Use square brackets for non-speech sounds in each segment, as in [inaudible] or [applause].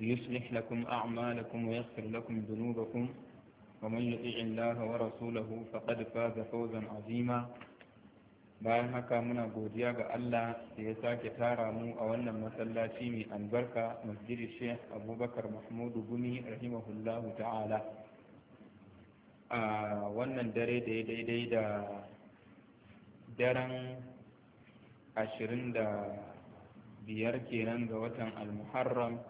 يصلح لكم أعمالكم ويغفر لكم ذنوبكم ومن يطيع الله ورسوله فقد فاز فوزا عظيما bayan haka muna godiya ga Allah da ya sake tara mu a wannan masallaci mai albarka masjidi Sheikh Abubakar Mahmudu Gumi rahimahullahu ta'ala a wannan dare da ya daidai da daren ashirin da biyar kenan ga watan al-Muharram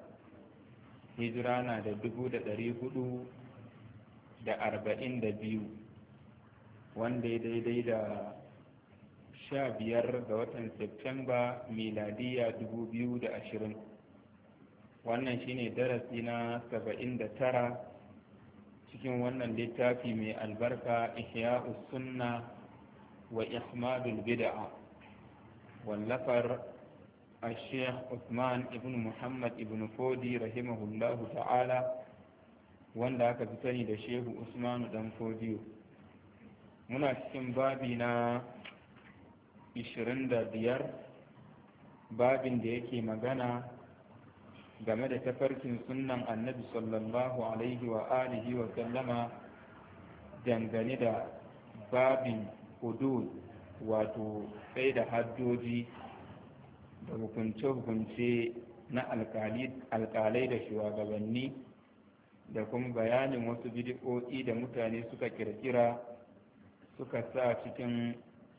hijira na da dubu da ɗari hudu da arba'in da biyu wanda ya daidai da sha biyar ga watan septemba miladiya dubu biyu da ashirin wannan shine darasi na saba'in da tara cikin wannan littafi mai albarka ihyau sunna wa ihmadul bid'a wallafar الشيخ عثمان ابن محمد ابن فودي رحمه الله تعالى wanda aka fi sani da shehu usmanu dan fodiyo muna cikin babi na 25 babin da yake magana game da tafarkin sunnan annabi sallallahu alaihi wa alihi wa sallama dangane da babin hudud wato sai da haddoji da hukunce-hukunce na alkalai da shugabanni da kuma bayanin wasu bidi'o'i da mutane suka kirkira suka sa cikin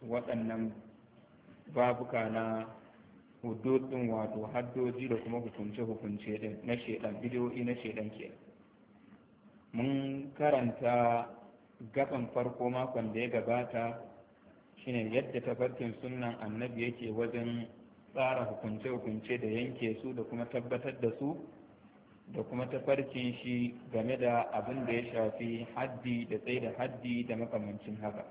waɗannan babuka na hudodin wato haddoji da kuma hukunce-hukunce na shaidan bidiyo'i na shaidan ke mun karanta gaban farko makon da ya gabata shine yadda tafarkin sunan annabi yake wajen tsara hukunce-hukunce da yanke su da kuma tabbatar da su da kuma tafarkin shi game da abin da ya shafi haddi da tsaida haddi da makamancin haka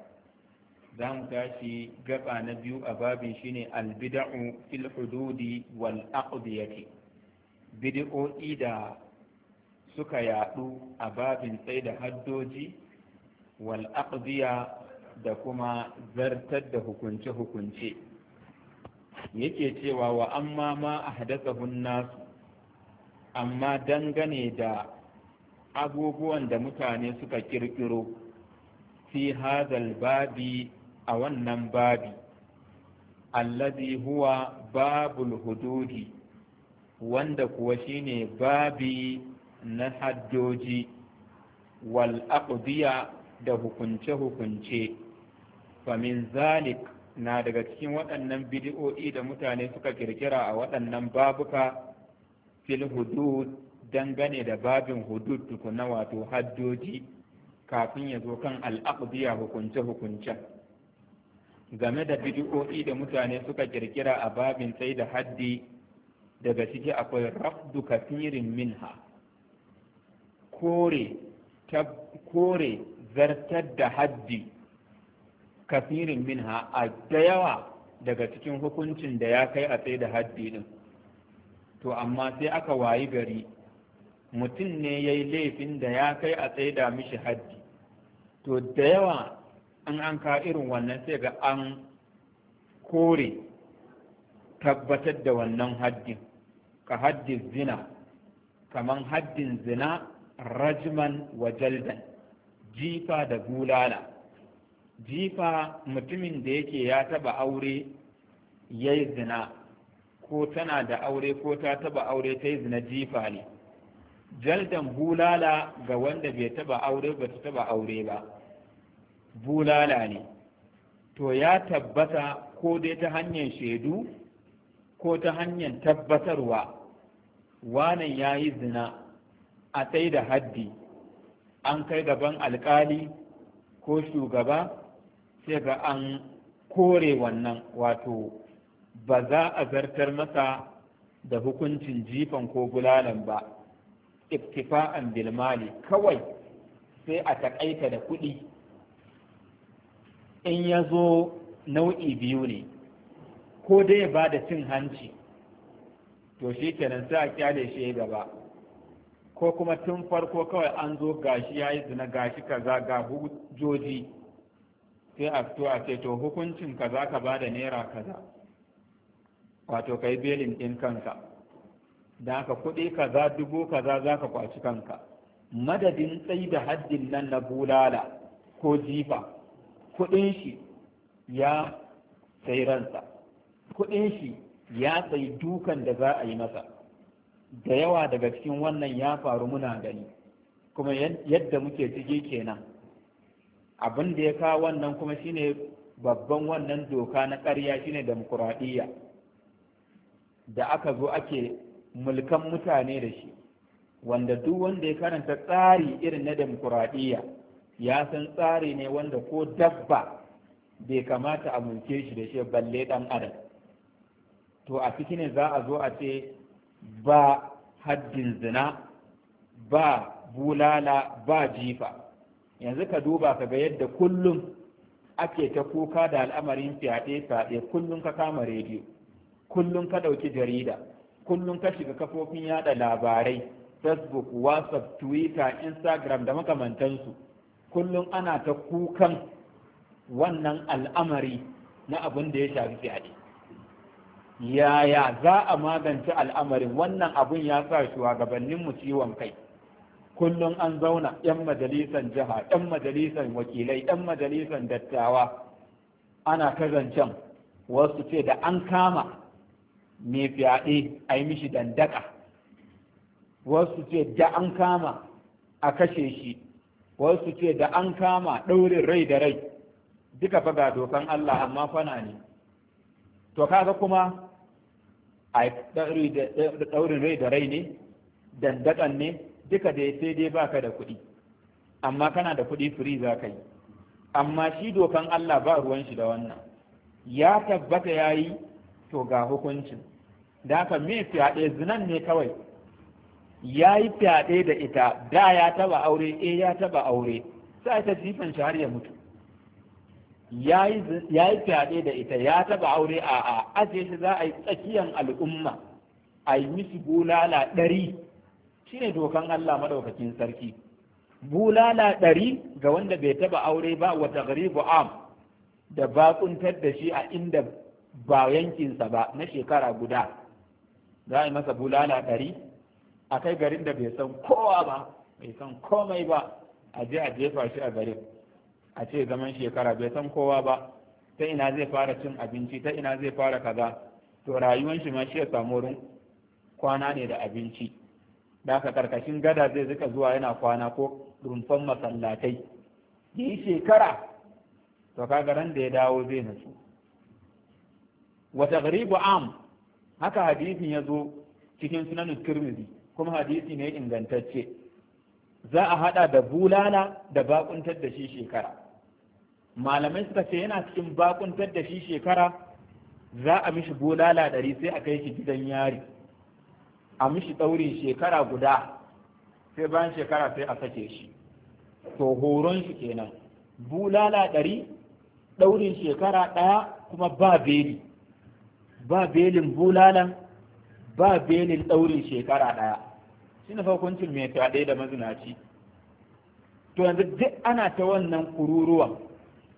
za mu tashi gaba na biyu a babin shine albida'u fil hududi wal aqdiyati bid'o'i da suka yadu a babin tsaida haddoji wal aqdiya da kuma zartar da hukunce-hukunce yake cewa wa amma ma a hadasahun nasu amma dangane da abubuwan da mutane suka kirkiro fi hadal babi a wannan babi allazi huwa babul hududi wanda kuwa shine babi na haddoji wal aqdiya da hukunce-hukunce famin zalik na daga cikin waɗannan bidiyo'i da mutane suka kirkira a waɗannan babuka fil hudud dangane da babin hudud tukuna wato haddoji kafin ya zo kan al'aqdiya hukunce hukunce game da bidiyo'i da mutane suka kirkira a babin sai da haddi daga ciki akwai rafdu kafirin minha kore kore zartar da haddi kafirin minha a da yawa daga cikin hukuncin da ya kai a tsaye da haddi din to amma sai aka wayi gari mutum ne ya yi laifin da ya kai a tsaye da mishi haddi to da yawa an an ka irin wannan sai ga an kore tabbatar da wannan haddin ka haddin zina kaman haddin zina rajman wa jaldan jifa da gulala. jifa mutumin da yake ya taba aure ya yi zina ko tana da aure ko ta taba aure ta yi zina jifa ne jaldan bulala ga wanda bai taba aure ba ta taba aure ba bulala ne to ya tabbata ko dai ta hanyar shaidu ko ta hanyar tabbatarwa wanan ya yi zina a sai da haddi an kai gaban alkali ko shugaba sai an kore wannan wato ba za a zartar masa da hukuncin jifan ko bulalan ba iftifa'an bilmali kawai sai a taƙaita da kuɗi in ya zo nau'i biyu ne ko dai ba da cin hanci to shi kenan sai a kyale shi ya gaba ko kuma tun farko kawai an zo gashi ya yi zina gashi kaza ga hujjoji sai a fito a ce to hukuncin ka za ka ba da naira kaza wato ka belin ɗin kanka da ka kuɗi kaza dubu kaza za ka kwaci kanka madadin tsayi da haddin nan na bulala ko jifa kuɗin shi ya tsayi ransa kuɗin shi ya tsayi dukan da za a yi masa da yawa daga cikin wannan ya faru muna gani kuma yadda muke ciki kenan abin da ya kawo wannan kuma shine babban wannan doka na ƙarya shine demokuraɗiyya da aka zo ake mulkan mutane da shi wanda duk wanda ya karanta tsari irin na demokuraɗiyya ya san tsari ne wanda ko dabba bai kamata a mulke shi da shi balle ɗan adam to a ciki ne za a zo a ce ba haddin zina ba bulala ba jifa yanzu ka duba ka ga yadda kullum ake ta kuka da al'amarin fyaɗe fyaɗe kullum ka kama rediyo kullum ka ɗauki jarida kullum ka shiga kafofin yada labarai facebook whatsapp twitter instagram da makamantansu kullum ana ta kukan wannan al'amari na abin da ya shafi fyaɗe yaya za a magance al'amarin wannan abin ya sa shugabanninmu ciwon kai kullum an zauna 'yan majalisan jiha 'yan majalisan wakilai 'yan majalisan dattawa ana ta zancen wasu ce da an kama mai fyaɗe a yi mishi dandaka wasu ce da an kama a kashe shi wasu ce da an kama ɗaurin rai da rai duka fa ga dokan Allah amma fana ne to kaga kuma a ɗaurin rai da rai ne dandakan ne duka dai sai dai baka da kuɗi amma kana da kuɗi firi za ka yi amma shi dokan Allah ba ruwan shi da wannan ya tabbata ya yi to ga hukuncin da haka me fyaɗe zinan ne kawai ya yi fyaɗe da ita da ya taba aure eh ya taba aure sai ta jifan shi har ya mutu ya yi fyaɗe da ita ya taba aure a a shi za a yi tsakiyan al'umma a yi mishi bulala ɗari ne dokan Allah madaukakin sarki bulala ɗari ga wanda bai taba aure ba wa taghribu am da bakuntar da shi a inda ba yankinsa ba na shekara guda za a masa bulala ɗari a kai garin da bai san kowa ba bai san komai ba a je a jefa shi a garin a ce zaman shekara bai san kowa ba ta ina zai fara cin abinci ta ina zai fara kaza to rayuwan shi ma shi ya samu wurin kwana ne da abinci da ka karkashin gada zai zika zuwa yana kwana ko rumfan masallatai da yi shekara to kaga ran da ya dawo zai nasu wa taghribu am haka hadisin ya zo cikin sunan tirmidhi kuma hadisi ne ingantacce za a hada da bulala da bakuntar da shi shekara malamai suka ce yana cikin bakuntar da shi shekara za a mishi bulala ɗari sai a kai shi gidan yari a mishi ɗaurin shekara guda sai bayan shekara sai a sake shi to horon shi kenan bulala ɗari ɗaurin shekara ɗaya kuma ba beli ba belin bulalan ba belin ɗaurin shekara ɗaya shi na hukuncin mai fyaɗe da mazinaci to yanzu duk ana ta wannan kururuwan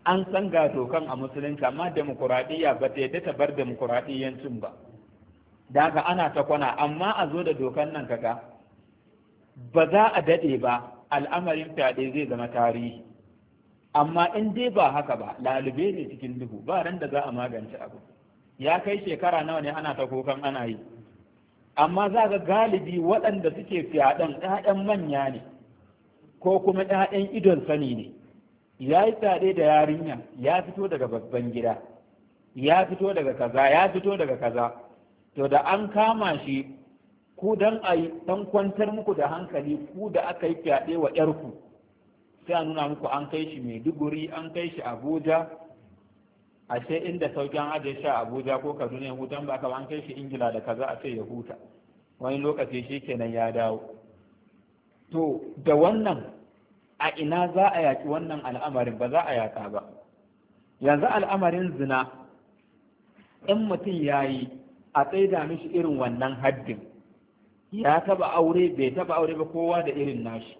an san ga dokan a musulunci amma demokuraɗiyya ba ta yadda ta bar demokuraɗiyyancin ba da ana ta kwana amma a zo da dokan nan kaga ba za a daɗe ba al'amarin fyaɗe zai zama tarihi amma in dai ba haka ba lalube ne cikin duhu ba ran da za a magance abu ya kai shekara nawa ne ana ta kokan ana yi amma za ga galibi waɗanda suke fyaɗen ɗaɗen manya ne ko kuma ɗaɗen idon sani ne ya yi fyaɗe da yarinya ya fito daga babban gida ya fito daga kaza ya fito daga kaza to da an kama shi ku dan a yi dan kwantar muku da hankali ku da aka yi fyaɗe wa ƴarku sai a nuna muku an kai shi maiduguri an kai shi abuja ashe inda saukin ajiye shi a abuja ko kaduna ya hutan ba an kai shi ingila da kaza a ce ya huta wani lokaci shi kenan ya dawo to da wannan a ina za a yaki wannan al'amarin ba za a yaka ba yanzu al'amarin zina in mutum ya yi a tsaida mishi irin wannan haddin ya taba aure bai taba aure ba kowa da irin nashi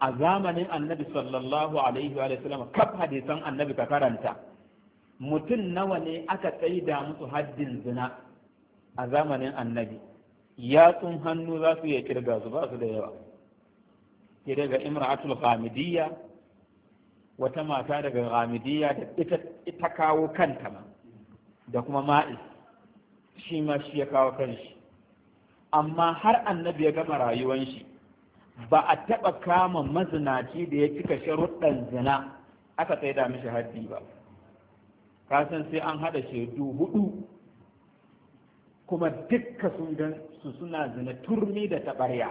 a zamanin annabi sallallahu alaihi wa sallam kaf hadisan annabi ka karanta mutum nawa ne aka tsaida musu haddin zina a zamanin annabi yatsun hannu za su iya kirga su ba su da yawa ga imra'atul ghamidiyya wata mata daga ghamidiyya da ita kawo kanta ma da kuma ma'is shi ma shi ya kawo kanshi amma har annabi ya gama rayuwar shi ba a taɓa kama mazinaci da ya cika sharuɗan zina aka tsaida mishi haddi ba kasan sai an haɗa shaidu hudu kuma dukka sun ga su suna zina turmi da taɓarya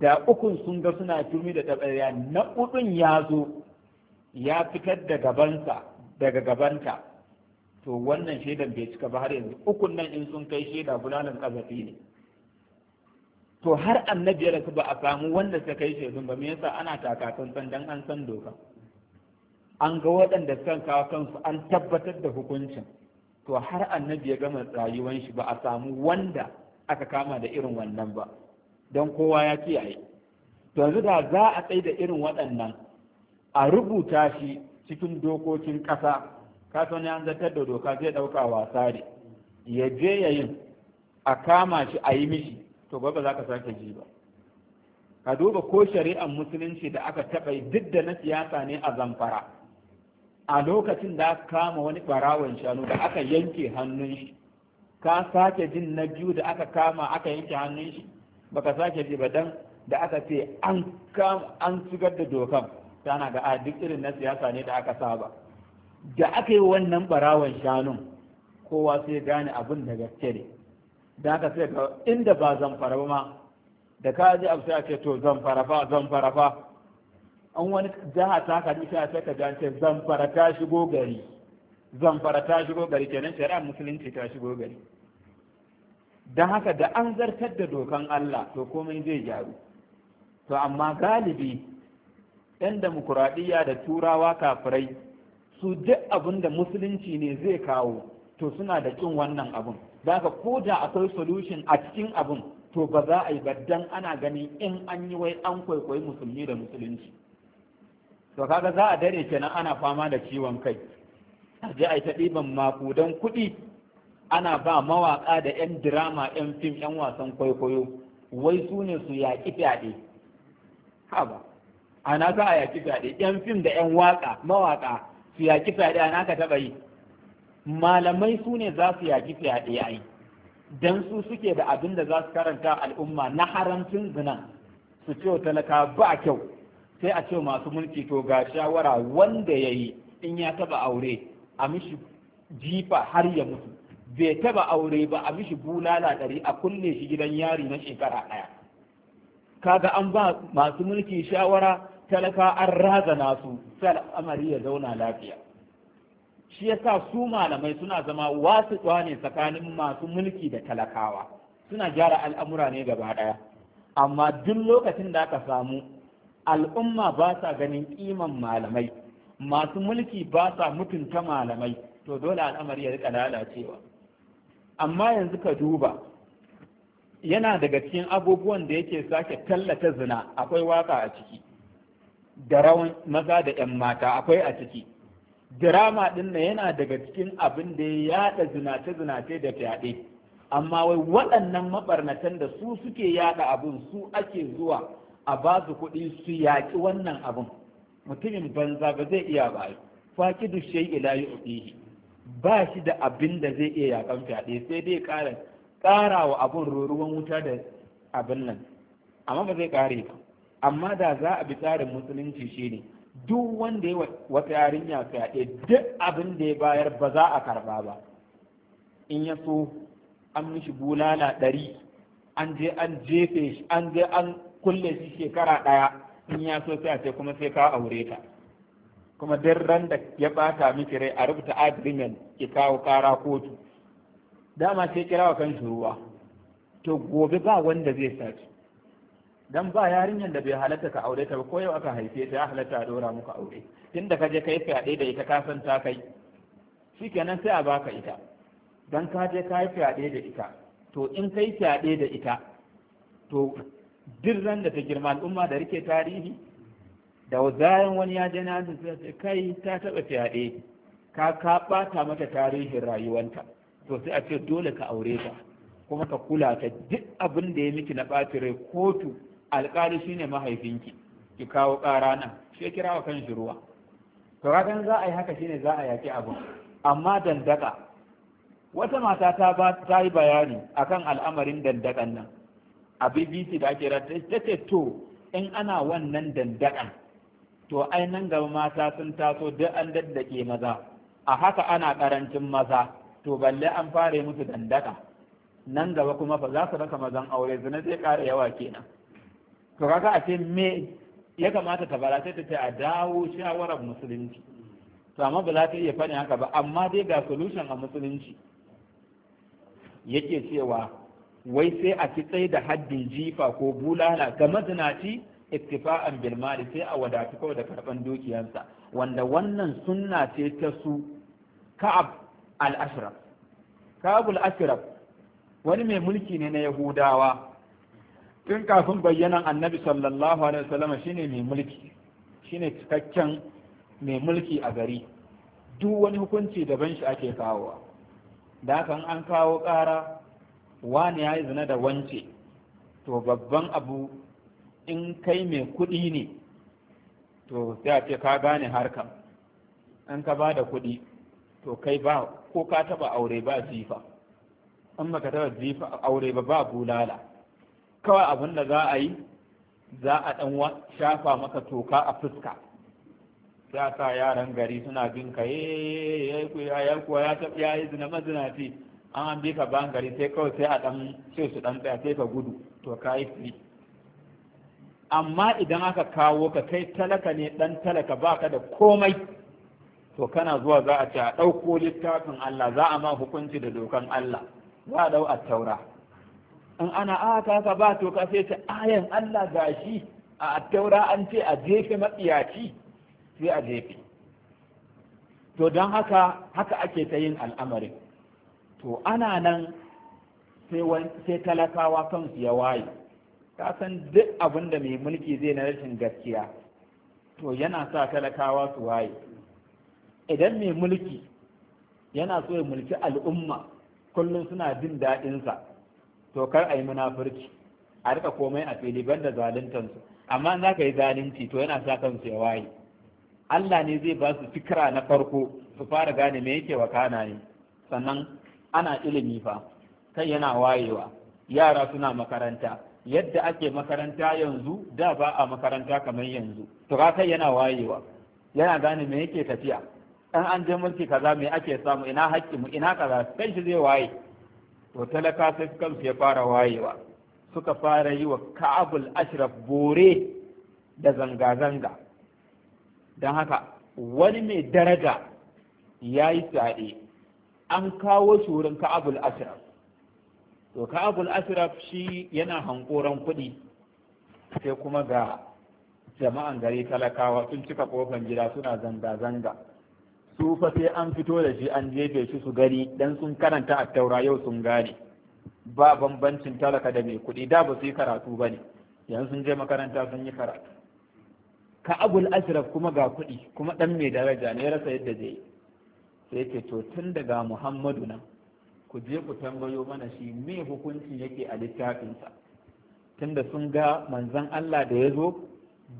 da ukun sun ga suna turmi da taɓarya na uɗun ya zo ya fitar da gabansa daga gabanta to wannan shaidan bai cika ba har yanzu ukun nan in sun kai shaida bulalan kazafi ne to har annabi ya ba a samu wanda suka kai shaidun ba me yasa ana taka san dan an san doka an ga waɗanda suka kawo kansu an tabbatar da hukuncin to har annabi ya gama tsayuwan shi ba a samu wanda aka kama da irin wannan ba don kowa ya kiyaye to yanzu da za a tsaye da irin waɗannan a rubuta shi cikin dokokin ƙasa ka san an zartar da doka zai ɗauka wasa ne ya je ya yin. a kama shi a yi mishi to ba za ka sake ji ba ka duba ko shari'ar musulunci da aka taɓa duk da na siyasa ne a zamfara a lokacin da aka kama wani ɓarawon shanu da aka yanke hannun shi ka sake jin na biyu da aka kama aka yanke hannun shi baka sake ji ba dan da aka ce an sigar da dokan tana ga a duk irin na siyasa ne da aka saba da aka yi wannan barawan shanun kowa sai gane abin da gaske ne da aka sai ka inda ba fara ba ma da ka ji abu sai ake to ba, zan fara ba. an wani jaha ta ka nufi a sai ka Zan fara, ta shigo gari fara, ta shigo gari kenan shari'a musulunci ta shigo gari Da haka da an zartar da dokan Allah to komai zai gyaru to amma galibi 'yan demokuraɗiyya da turawa kafirai su duk abin da musulunci ne zai kawo to suna da kin wannan abun. da ka ko da akwai solution a cikin abin to ba za a yi baddan ana ganin in an yi wai an kwaikwayi musulmi da musulunci to kaga za a dare kenan ana fama da ciwon kai a je a yi ta ɗiban makudan kuɗi ana ba mawaƙa da 'yan dirama 'yan fim 'yan wasan kwaikwayo wai su ne su yaƙi fyaɗe haba ana za a yaƙi fyaɗe 'yan fim da 'yan waƙa mawaƙa su yaki fyaɗe a naka taɓa yi malamai su ne za su yaki fyaɗe yayi. yi don su suke da abin da za su karanta al'umma na haramcin zina su ce talaka ba kyau sai a ce masu mulki to ga shawara wanda ya yi in ya taɓa aure a mishi jifa har ya mutu bai taɓa aure ba a mishi bulala ɗari a kulle shi gidan yari na shekara ɗaya kaga an ba masu mulki shawara talaka an raza nasu, sai al'amari ya zauna lafiya shi yasa su malamai suna zama wasu ne tsakanin masu mulki da talakawa suna gyara al'amura ne gaba ɗaya amma duk lokacin da aka samu al'umma ba sa ganin ƙiman malamai masu mulki ba sa mutunta malamai to dole al'amari ya rika lalacewa amma yanzu ka duba yana daga cikin abubuwan da yake sake tallata zina akwai waka a ciki da rawan maza da 'yan mata akwai a ciki dirama ɗin na yana daga cikin abin da ya yaɗa zinace-zinace da fyaɗe amma wai waɗannan mabarnatan da su suke yaɗa abin su ake zuwa a ba su kuɗi su yaƙi wannan abin mutumin banza ba zai iya ba faki dushai ila yi ba shi da abin da zai iya yaƙan fyaɗe sai dai ƙara ƙara wa abin ruruwan wuta da abin nan amma ba zai ƙare ba amma da za a bi tsarin musulunci shi ne duk wanda ya wata yarinya fyaɗe duk abin da ya bayar ba za a karba ba in ya so an mishi bulala ɗari an je an jefe shi an je an kulle shi shekara ɗaya in ya so sai a ce kuma sai ka aure ta kuma duk ran da ya bata miki rai a rubuta agreement ki kawo kara kotu dama sai kira wa kan ruwa to gobe ba wanda zai sace dan ba yarinyar da bai halatta ka aure ta ba ko yau aka haife ta ya halatta a dora muka aure da ka je kai fyaɗe da ita ka san ta kai kenan sai a baka ita dan ka je kai fyaɗe da ita to in kai fyaɗe da ita to duk ran da ta girma al'umma da rike tarihi da zayan wani ya je na sai kai ta taɓa fyaɗe ka ka ɓata mata tarihin rayuwanta to sai a ce dole ka aure ta kuma ka kula ta duk abin da ya miki na ɓacin rai kotu alƙali ne mahaifinki ki kawo ƙara nan shi kira wa kan shi ruwa to kaga za a yi haka shine za a yaki abun. amma dandaka wata mata ta yi bayani akan al'amarin dandakan nan a BBC da ake rata ta ce to in ana wannan dandakan to ai nan gaba mata sun taso duk an daddake maza a haka ana karancin maza to balle an fare musu dandaka nan gaba kuma fa za su raka mazan aure zina zai ƙara yawa kenan to kaga a ce me ya kamata ta bala sai ta ce a dawo shawarar musulunci to amma ba za ta iya fani haka ba amma dai ga solution a musulunci yake cewa wai sai a ci tsaye da haddin jifa ko bulala ga mazinaci ittifa'an bil sai a wadatu kawai da karban dukiyarsa wanda wannan sunna ce ta su ka'ab al-ashraf ka'ab al-ashraf wani mai mulki ne na yahudawa tun kafin bayyanan annabi sallallahu alaihi wasallam shine mai mulki shine cikakken mai mulki a gari duk wani hukunci daban shi ake kawowa da kan an kawo ƙara wani ya yi zina da wance to babban abu in kai mai kuɗi ne to sai a ce ka gane harka in ka ba da kuɗi to kai ba ko ka taɓa aure ba jifa in ka taɓa jifa aure ba ba bulala kawai abin da za a yi za a ɗan shafa maka toka a fuska ya sa yaran gari suna bin ka eh, ya kuwa ya yi zina fi. an an ka ban gari sai kawai sai a ɗan sai su ɗan tsaya sai ka gudu to ka yi fi amma idan aka kawo ka kai talaka ne ɗan talaka baka da komai to kana zuwa za a ce a ɗauko littafin Allah za a ma hukunci da dokan Allah za a ɗau a taura in ana aka ah, ka ba to ka sai ta ayan Allah gashi a attaura an ce a jefe matsiyaci sai a jefe to don haka haka ake ta yin al'amarin to ana nan sai talakawa kansu ya waye ta san duk abin da mai mulki zai na rashin gaskiya to yana sa talakawa su waye idan mai mulki yana so ya mulki al'umma kullum suna jin daɗinsa to kar a yi munafurci a rika komai a fili banda su. amma za ka yi zalunci to yana sa kansu ya waye Allah ne zai ba su fikira na farko su fara gane me yake wakana ne sannan ana ilimi fa kai yana wayewa yara suna makaranta yadda ake makaranta yanzu da ba a makaranta kamar yanzu to kai yana wayewa yana gane me yake tafiya dan an je mulki kaza me ake samu ina hakki mu ina kaza kai shi zai waye to talaka sai kansu ya fara wayewa suka fara yi wa ka'abul ashraf bore da zanga-zanga don haka wani mai daraja ya yi tsaɗe an kawo shi wurin ka'abul ashraf to ka'abul ashraf shi yana hankoran kuɗi sai kuma ga jama'an gari talakawa sun cika kofan gida suna zanga-zanga su fa sai an fito da shi an jefe shi su gani dan sun karanta a taura yau sun gane ba bambancin talaka da mai kuɗi da ba su yi karatu ba ne yanzu sun je makaranta sun yi karatu ka abul ashraf kuma ga kuɗi kuma ɗan mai daraja ne rasa yadda zai sai ce to tun daga muhammadu nan ku je ku tambayo mana shi me hukunci yake a littafinsa tunda sun ga manzon Allah da ya zo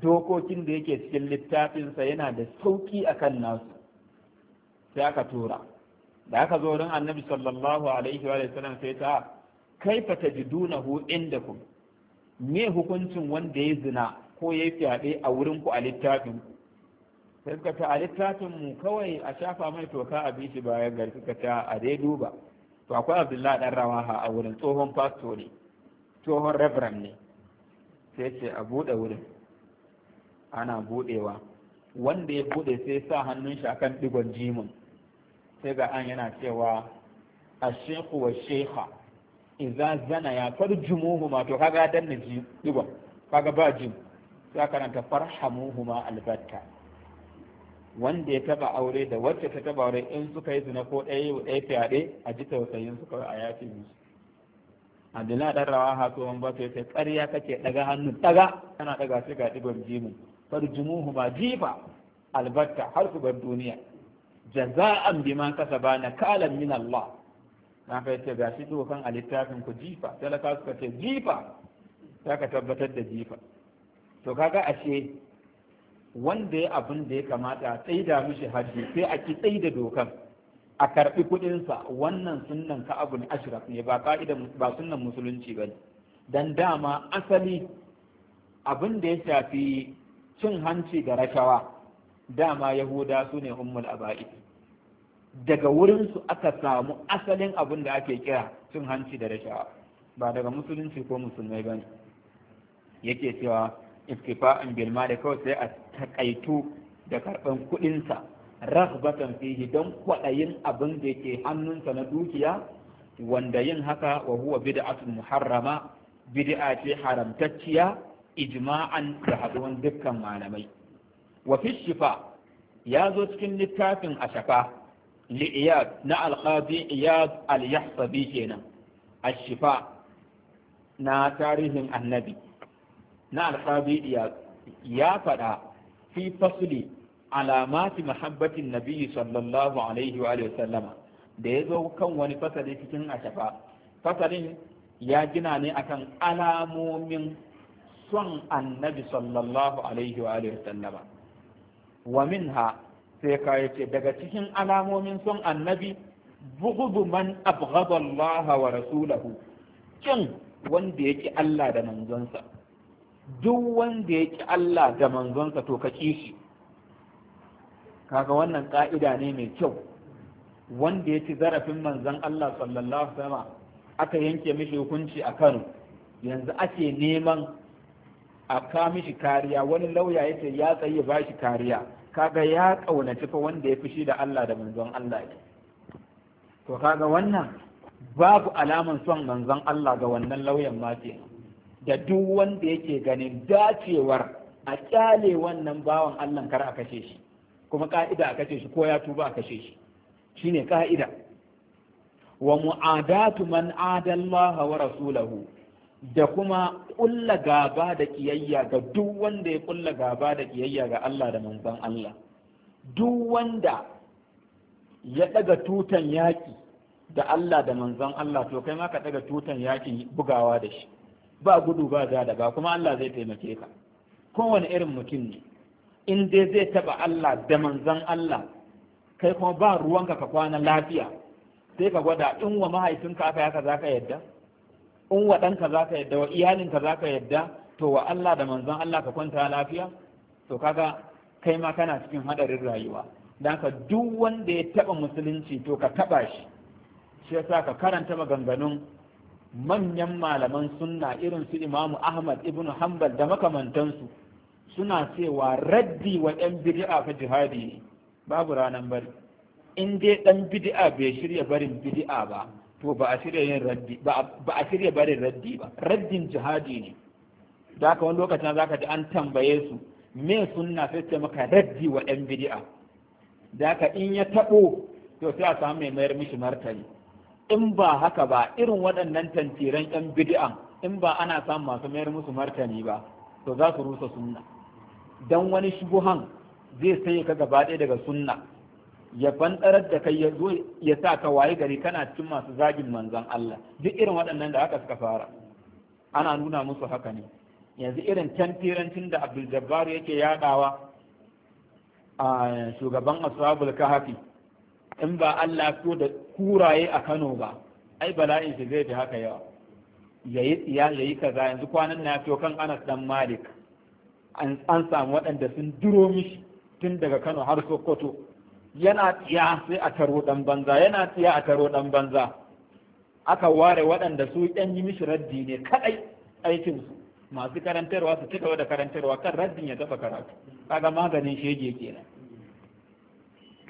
dokokin da yake cikin littafinsa yana da sauki akan nasu sai aka tura da aka zo wurin annabi sallallahu alaihi wa sallam sai ta kaifa inda ku. me hukuncin wanda ya zina ko ya fyaɗe a wurin ku a littafin ku sai suka ta a littafin mu kawai a shafa mai toka a bishi baya gari suka ta a dai duba to akwai abdullahi dan rawaha a wurin tsohon pastor ne tsohon reverend ne sai ce a buɗe wurin ana buɗewa wanda ya buɗe sai sa hannun shi akan digon jimin sai ga an yana cewa a shekhu wa sheha iza zana ya ma to kaga dan na ji digon kaga ba ji sai karanta ma albatta wanda ya taba aure da wacce ta taba aure in suka yi zina ko ɗaya ɗaya fyaɗe a ji tausayin su kawai a yafi musu abdullahi rawa rawaha to man ba sai ƙarya kake daga hannu daga kana daga sai ga digon farjumuhu ma jifa albatta har ku bar duniya jaza'an an kasaba na kalan min Allah na ka yace ga shi kan a littafin ku jifa talaka suka ce jifa Ta ka tabbatar da jifa to kaga ashe wanda ya abin da ya kamata a tsaida mishi hajji sai a ki tsaida dokan a karɓi kuɗinsa wannan sunnan ka abu ne ashraf ne ba ka'ida ba sunnan musulunci ba ne dan dama asali abin da ya shafi cin hanci da rashawa dama yahuda su ne ummul aba'i daga wurin su aka samu asalin abin da ake kira cin hanci da rashawa ba daga musulunci ko musulmai ba ne yake cewa an bilma da kawai sai a takaitu da karɓar kuɗinsa rahbatan fihi don kwaɗayin abin da ke hannunsa na dukiya wanda yin haka wa huwa bid'atun muharrama bid'a ce haramtacciya ijma'an da haɗuwan dukkan malamai wa fi shifa ya zo cikin littafin ashafa li'iyad na alqadi iyad al-yahsabi kenan ash na tarihin annabi na alqadi iyad ya faɗa fi fasli alamati mahabbatin nabi sallallahu alaihi wa sallama da ya zo kan wani fasali cikin ashafa fasalin ya gina ne akan alamomin son annabi sallallahu alaihi wa sallama wa minha sai ka ce, daga cikin alamomin son annabi buhudu man abghada Allah wa rasulahu kin wanda yake Allah da manzonsa duk wanda yake Allah da manzonsa to ka kishi? shi kaga wannan ka'ida ne mai kyau wanda ya ci zarafin manzon Allah sallallahu alaihi wasallam aka yanke mishi hukunci a Kano yanzu ake neman a ka mishi kariya wani lauya yace ya tsaye ba shi kariya kaga ya ƙaunaci fa wanda ya fushi da Allah da manzon Allah ne to kaga wannan babu alaman son manzon Allah ga wannan lauyan mace da duk wanda yake ganin dacewar a kyale wannan bawan Allah kar a kashe shi kuma ka'ida a kashe shi ko ya tuba a kashe shi shine ka'ida wa mu'adatu man adalla wa rasulahu da kuma ƙulla gaba da ƙiyayya ga duk wanda ya ƙulla gaba da ƙiyayya ga Allah da manzon Allah duk wanda ya ɗaga tutan yaƙi da Allah da manzon Allah to kai ma ka ɗaga tutan yaki bugawa da shi ba gudu ba da ba kuma Allah zai taimake ka kowane irin mutum ne in dai zai taɓa Allah da manzon Allah kai kuma ba ruwanka ka kwana lafiya sai ka gwada in wa mahaifinka aka yaka za ka yadda in waɗanka za ka yadda wa iyalinka za ka yadda to wa Allah da manzon Allah ka kwanta lafiya to kaga kai ma kana cikin haɗarin rayuwa don ka duk wanda ya taɓa musulunci to ka taɓa shi shi yasa ka karanta maganganun manyan malaman sunna irin su imamu ahmad ibnu hanbal da makamantansu suna cewa raddi wa ɗan bidi'a fa jihadi ne babu ranar bari in dai ɗan bidi'a bai shirya barin bidi'a ba to ba a shirya yin raddi ba a shirya barin raddi ba raddin jihadi ne da aka wani lokacin za ka ji an tambaye su me sunna sai ce maka raddi wa ɗan bid'a da aka in ya taɓo to sai a samu mai mayar mishi martani in ba haka ba irin waɗannan tantiran 'yan bidi'a in ba ana samun masu mayar musu martani ba to za su rusa sunna dan wani shubuhan zai sai ka gaba ɗaya daga sunna ya da kai ya ya sa ka waye gari kana cikin masu zagin manzon Allah duk irin waɗannan da haka suka fara ana nuna musu haka ne yanzu irin tantirancin da Abdul Jabbar yake yadawa a shugaban ashabul kahfi in ba Allah so da kuraye a Kano ba ai bala'in shi zai fi haka yawa yayi tsiya yayi kaza yanzu kwanan na fito kan Anas dan Malik an samu waɗanda sun duro mishi tun daga Kano har Sokoto yana tsiya sai a taro dan banza yana tsiya a taro dan banza aka ware waɗanda su ɗan yi mishi raddi ne kaɗai aikinsu masu karantarwa su cika da karantarwa kan raddin ya dafa karatu kaga maganin shege kenan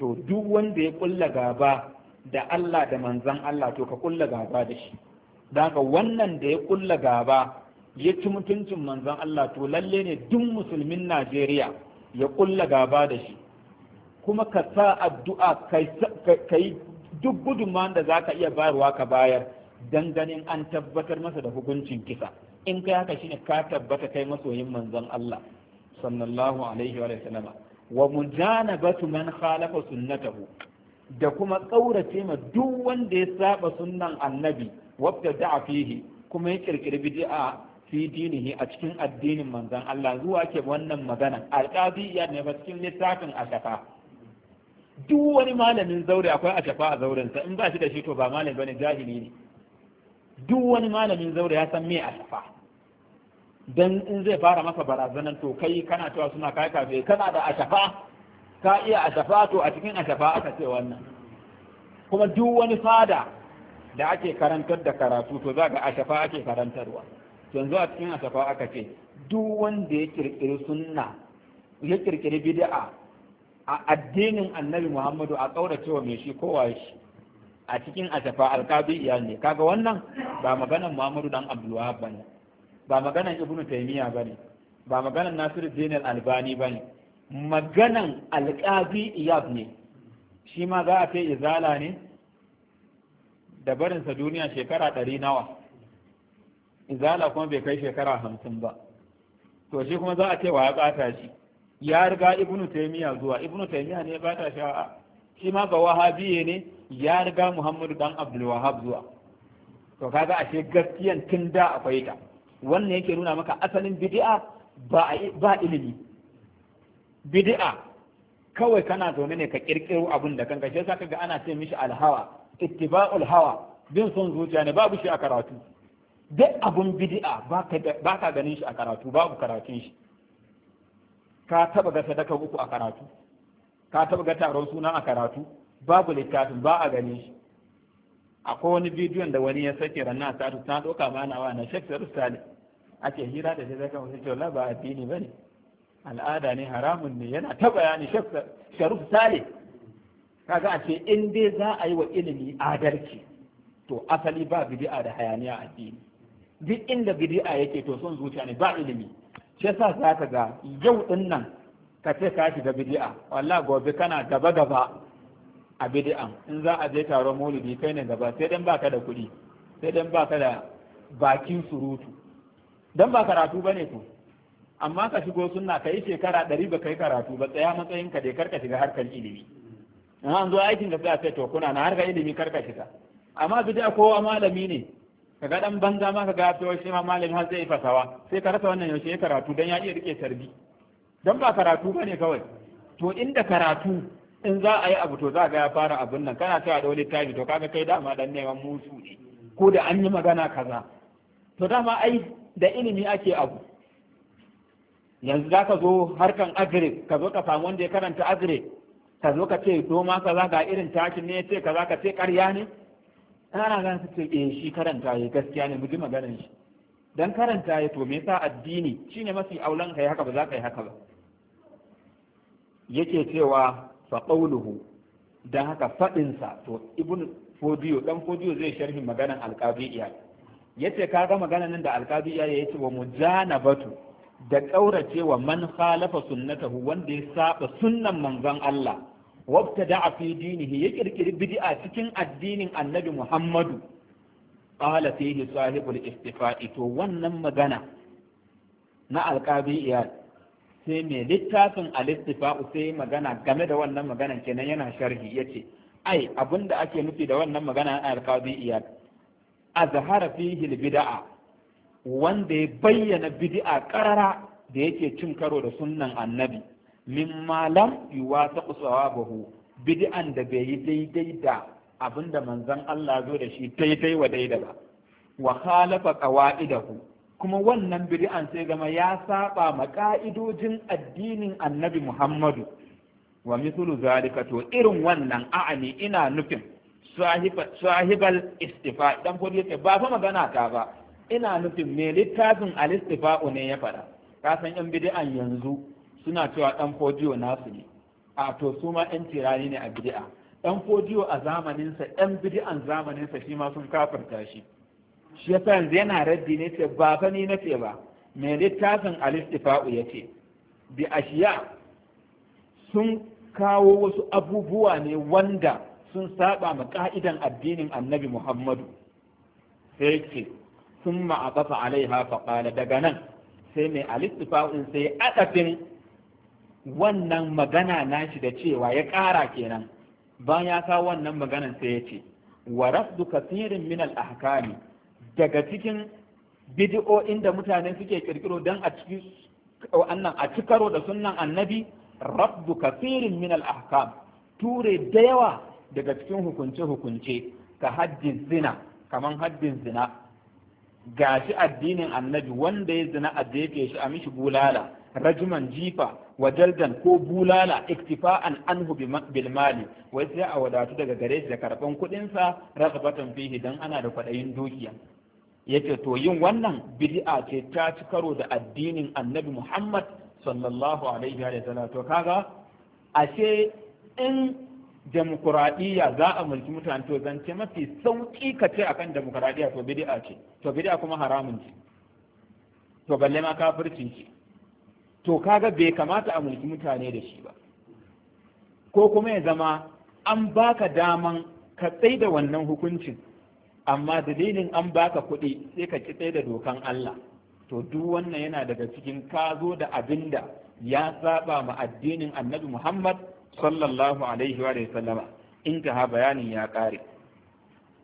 to duk wanda ya kulla gaba da Allah da manzan Allah to ka kulla gaba da shi daga wannan da ya kulla gaba ya ci mutuncin manzon Allah to lalle ne duk musulmin Najeriya ya kulla gaba da shi kuma ka sa addu'a ka yi duk gudunman da za ka iya bayarwa ka bayar dan ganin an tabbatar masa da hukuncin kisa in kai haka shine ka tabbata kai masoyin manzon Allah sallallahu alaihi wa sallama wa mujanabatu man khalafa sunnatahu da kuma tsaurace ma duk wanda ya saba sunnan annabi wabda da'a fihi kuma ya kirkiri bid'a fi dinihi a cikin addinin manzon Allah zuwa ke wannan magana alqazi ya ne ba cikin littafin ashafa duk wani malamin zaure akwai a shafa a zaurensa in ba shi da shi to ba malami bane jahili ne duk wani malamin zaure ya san me a shafa dan in zai fara masa barazanan to kai kana cewa suna kai kafe kana da a shafa ka iya a shafa to a cikin a shafa aka ce wannan kuma duk wani fada da ake karantar da karatu to za ga a shafa ake karantarwa yanzu a cikin a shafa aka ce duk wanda ya kirkiri sunna ya kirkiri bid'a a addinin annabi muhammadu a kauracewa mai shi kowa shi a cikin asafa alkabi iyal ne kaga wannan ba maganan muhammadu dan abdulwahab bane ba maganan ibnu taymiya bane ba maganan nasiru dinar albani bane maganan alkabi iyab ne shi ma za a kai izala ne da barinsa duniya shekara ɗari nawa izala kuma bai kai shekara hamsin ba to shi kuma za a ce wa ya ɓata shi ya riga ibnu taymiya zuwa ibnu taymiya ne ba ta sha'a shi ma ba wahabiye ne ya riga muhammadu dan abdul wahab zuwa to kaga ashe gaskiyan tun da akwai ta wannan yake nuna maka asalin bid'a ba ba ilimi bid'a kawai kana zaune ne ka kirkiro abin da kanka shi yasa kaga ana ce mishi alhawa ittiba'ul hawa bin son zuciya ne babu shi a karatu duk abun bid'a baka ka ganin shi a karatu babu karatun shi ka taba ga sadaka uku a karatu ka taba ga taron suna a karatu babu littafin ba a gani shi akwai wani bidiyon da wani ya sake ranar ta ta doka mana wa na Sheikh Sarus Salih ake hira da shi zaka wasu cewa ba addini ne?" al'ada ne haramun ne yana ta bayani Sheikh Sharif Salih kaga a ce in dai za a yi wa ilimi adalci to asali ba bidi'a da hayaniya a addini duk inda bidi'a yake to son zuciya ne ba ilimi shi yasa za ka ga yau din nan ka ce ka shiga bidi'a wallah gobe kana gaba gaba a bidi'an in za a je taron maulidi kai ne gaba sai dan baka da kuɗi sai dan baka da bakin surutu dan ba karatu bane to amma ka shigo sunna yi shekara ɗari ba kai karatu ba tsaya matsayin ka dai karka shiga harkar ilimi in an zo aikin da sai a sai to kuna na harkar ilimi karka shiga amma bidi'a ko malami ne kaga dan banza ma kaga to shi ma malami har zai fasawa sai ka rasa wannan yaushe ya karatu dan ya iya rike tarbi dan ba karatu bane kawai to inda karatu in za a yi abu to za ga ya fara abun nan kana cewa da wani tabi to kaga kai dama dan neman musu ne ko da an yi magana kaza to dama ai da ilimi ake abu yanzu za ka zo harkan agri ka zo ka samu wanda ya karanta agri ka zo ka ce noma kaza ga irin takin ne ya ce kaza ka ce karya ne tana ganin su ce eh shi karanta ya gaskiya ne mu ji maganar shi dan karanta ya to me yasa addini shine mafi aulan kai haka ba za ka yi haka ba yake cewa fa qawluhu dan haka fadin to ibn fodiyo dan fodiyo zai sharhi maganar alqabiya yace kaga maganar nan da alqabiya yace wa mujanabatu da kaurace wa man khalafa sunnatahu wanda ya saba sunnan manzon Allah Wabta wabtada'a fi dinihi ya kirkiri bid'a cikin addinin annabi Muhammadu qala fihi sahibul istifa'i to wannan magana na alƙabi iyad sai mai littafin al-istifa'u sai magana game da wannan magana kenan yana sharhi yace ai abinda ake nufi da wannan magana na alqabi iyad azhara fihi bid'a wanda ya bayyana bid'a karara da yake cin karo da sunnan annabi mimma lam yuwafiqu sawabahu bid'an da bai yi daidai da abinda manzon Allah zo da shi daidai wa daida ba wa khalafa qawaidahu kuma wannan bid'an sai gama ya saba ma ka'idojin addinin Annabi Muhammadu wa mithlu zalika to irin wannan a'ani ina nufin sahibal istifa dan fodi yake ba fa magana ta ba ina nufin me littafin al istifa ne ya faɗa? kasan yan bid'an yanzu suna cewa ɗan fodiyo nasu ne a to su ma ‘yan tirani ne a bidi'a. ɗan fodiyo a zamaninsa ɗan bid'an zamaninsa shi ma sun kafarta shi shi yasa yanzu yana raddi ne ce ba fa ni nace ba mai littafin alistifa'u ya ce bi ashiya sun kawo wasu abubuwa ne wanda sun saba ma ka'idan addinin annabi muhammadu sai ce sun ma'aƙasa alaiha faƙala daga nan sai mai alistifa'un sai aɗafin wannan magana na shi da cewa ya ƙara kenan bayan ya kawo wannan maganan sai ya ce wa rafdu kasirin min al ahkami daga cikin bid'o'in da mutane suke kirkiro dan a cikin wannan a cikaro da sunnan annabi rafdu kasirin min al ahkam ture da yawa daga cikin hukunce hukunce ka haddin zina kaman haddin zina gashi addinin annabi wanda ya zina a jefe shi a mishi bulala rajuman jifa wa ko bulala iktifa'an anhu bil mali wai sai a wadatu daga gare shi da karban kudin sa raqabatan fihi dan ana da kwadayin dukiya yace to yin wannan bid'a ce ta ci karo da addinin Annabi Muhammad sallallahu alaihi wa sallam to kaga ashe in demokuraɗiyya za a mulki mutane to zance mafi sauƙi ka ce akan demokuraɗiyya to bid'a ce to bid'a kuma haramun ce to balle ma kafirci ce to kaga bai kamata a mulki mutane da shi ba ko kuma ya zama an baka daman ka tsaye da wannan hukuncin amma dalilin an baka kuɗi sai ka ki tsaye da dokan Allah to duk wannan yana daga cikin ka zo da abinda ya saba ma addinin annabi Muhammad sallallahu alaihi wa sallama in ha bayanin ya ƙare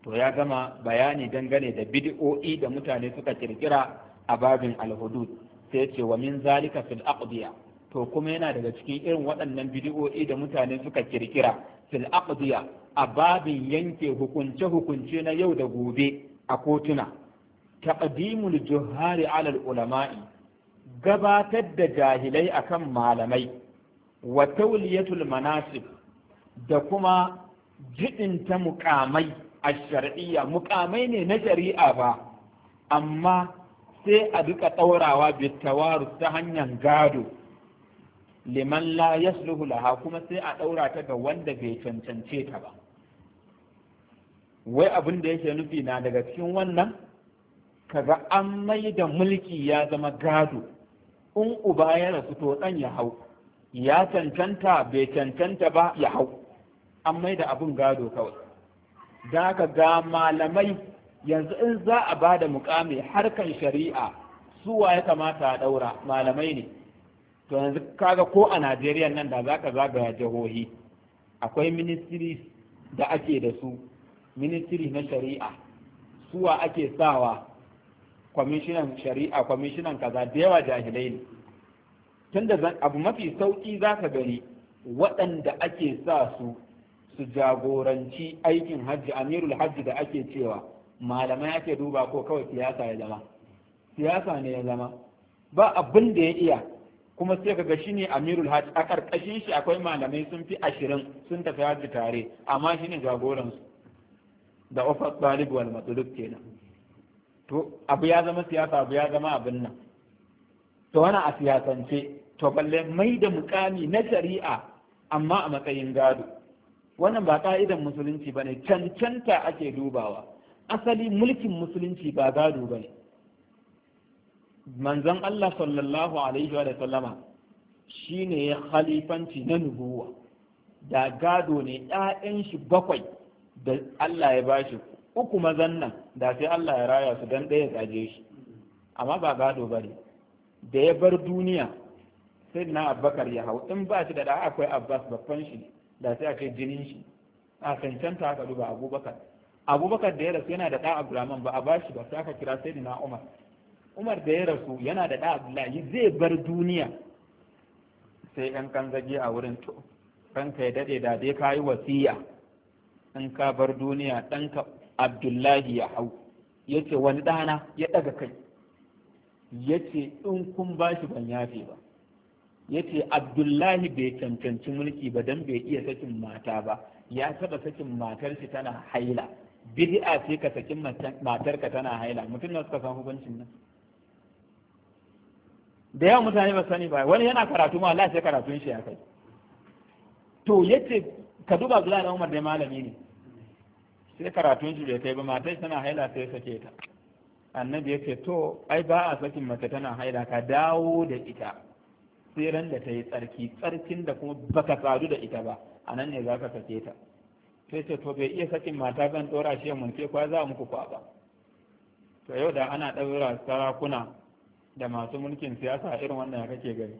to ya gama bayani dangane da bid'o'i da mutane suka kirkira a babin al-hudud. sai ce wa min zalika fil aqdiya to kuma yana daga cikin irin waɗannan bidiyo'i da mutane suka kirkira fil aqdiya a babin yanke hukunce hukunce na yau da gobe a kotuna taqdimul juhari alal ulama'i gabatar da jahilai akan malamai wa tawliyatul manasib da kuma ta muƙamai a shar'iyya mukamai ne na shari'a ba amma sai a duka ɗaurawa bittawaru ta hanyar gado liman la yasluhu laha kuma sai a ɗaura ta ga wanda bai cancance ta ba wai abin da yake nufi na daga cikin wannan kaga an mai da mulki ya zama gado in uba ya rasu to ɗan ya hau ya cancanta bai cancanta ba ya hau an mai da abin gado kawai da ka ga malamai yanzu in za a ba da mukami harkan shari'a suwa ya kamata a daura malamai ne to yanzu kaga ko a najeriya nan da za ka zagaya jihohi akwai ministries da ake da su ministry na shari'a suwa ake sawa kwamishinan shari'a kwamishinan kaza da yawa jahilai ne tunda abu mafi sauki za ka gani waɗanda ake sa su su jagoranci aikin hajji amirul hajji da ake cewa malamai ake duba ko kawai siyasa ya zama siyasa ne ya zama ba abin da ya iya kuma sai kaga shi ne amirul hajj a karkashin shi akwai malamai sun fi ashirin sun tafi hajji tare amma shi ne jagoransu da ofis ɗalib wal matsuluk kenan to abu ya zama siyasa abu ya zama abin nan to wani a siyasance to balle mai da mukami na shari'a amma a matsayin gado wannan ba ka'idan musulunci ba ne cancanta ake dubawa asali mulkin musulunci ba gado ba ne manzon Allah sallallahu alaihi wa sallama shi ne ya khalifanci na nubuwa da gado ne ‘ya'yan shi bakwai da Allah ya bashi uku mazan nan da sai Allah ya raya su don ɗaya gaje shi amma ba gado ba ne da ya bar duniya sai na abbakar ya hau in ba shi da da akwai abbas babban shi da sai a ce jinin shi a cancanta haka duba abubakar abubakar da ya rasu yana da ɗa abdulrahman ba a bashi ba sai aka kira sai na umar umar da ya rasu yana da ɗa abdullahi zai bar duniya sai yan kan zage a wurin to ranka ya daɗe da dai yi wasiya in ka bar duniya ɗanka abdullahi ya hau ya ce wani ɗana ya ɗaga kai ya ce in kun bashi ban yafe ba ya ce abdullahi bai cancanci mulki ba don bai iya sakin mata ba ya taɓa sakin matar shi tana haila bid'a ce ka saki matarka tana haila mutum ne suka san hukuncin nan da yawan mutane ba sani ba wani yana karatu ma Allah sai karatun shi ya kai to yace ka duba zuwa da Umar dai malami ne sai karatun shi bai kai ba matar tana haila sai sake ta annabi yace to ai ba a sakin mace tana haila ka dawo da ita sai ran da ta yi tsarki tsarkin da kuma baka sadu da ita ba anan ne zaka sake ta sai ce to bai iya sakin mata zan dora shi mun ce kwa za muku kwaba to yau da ana ɗaura sarakuna da masu mulkin siyasa irin wannan kake gani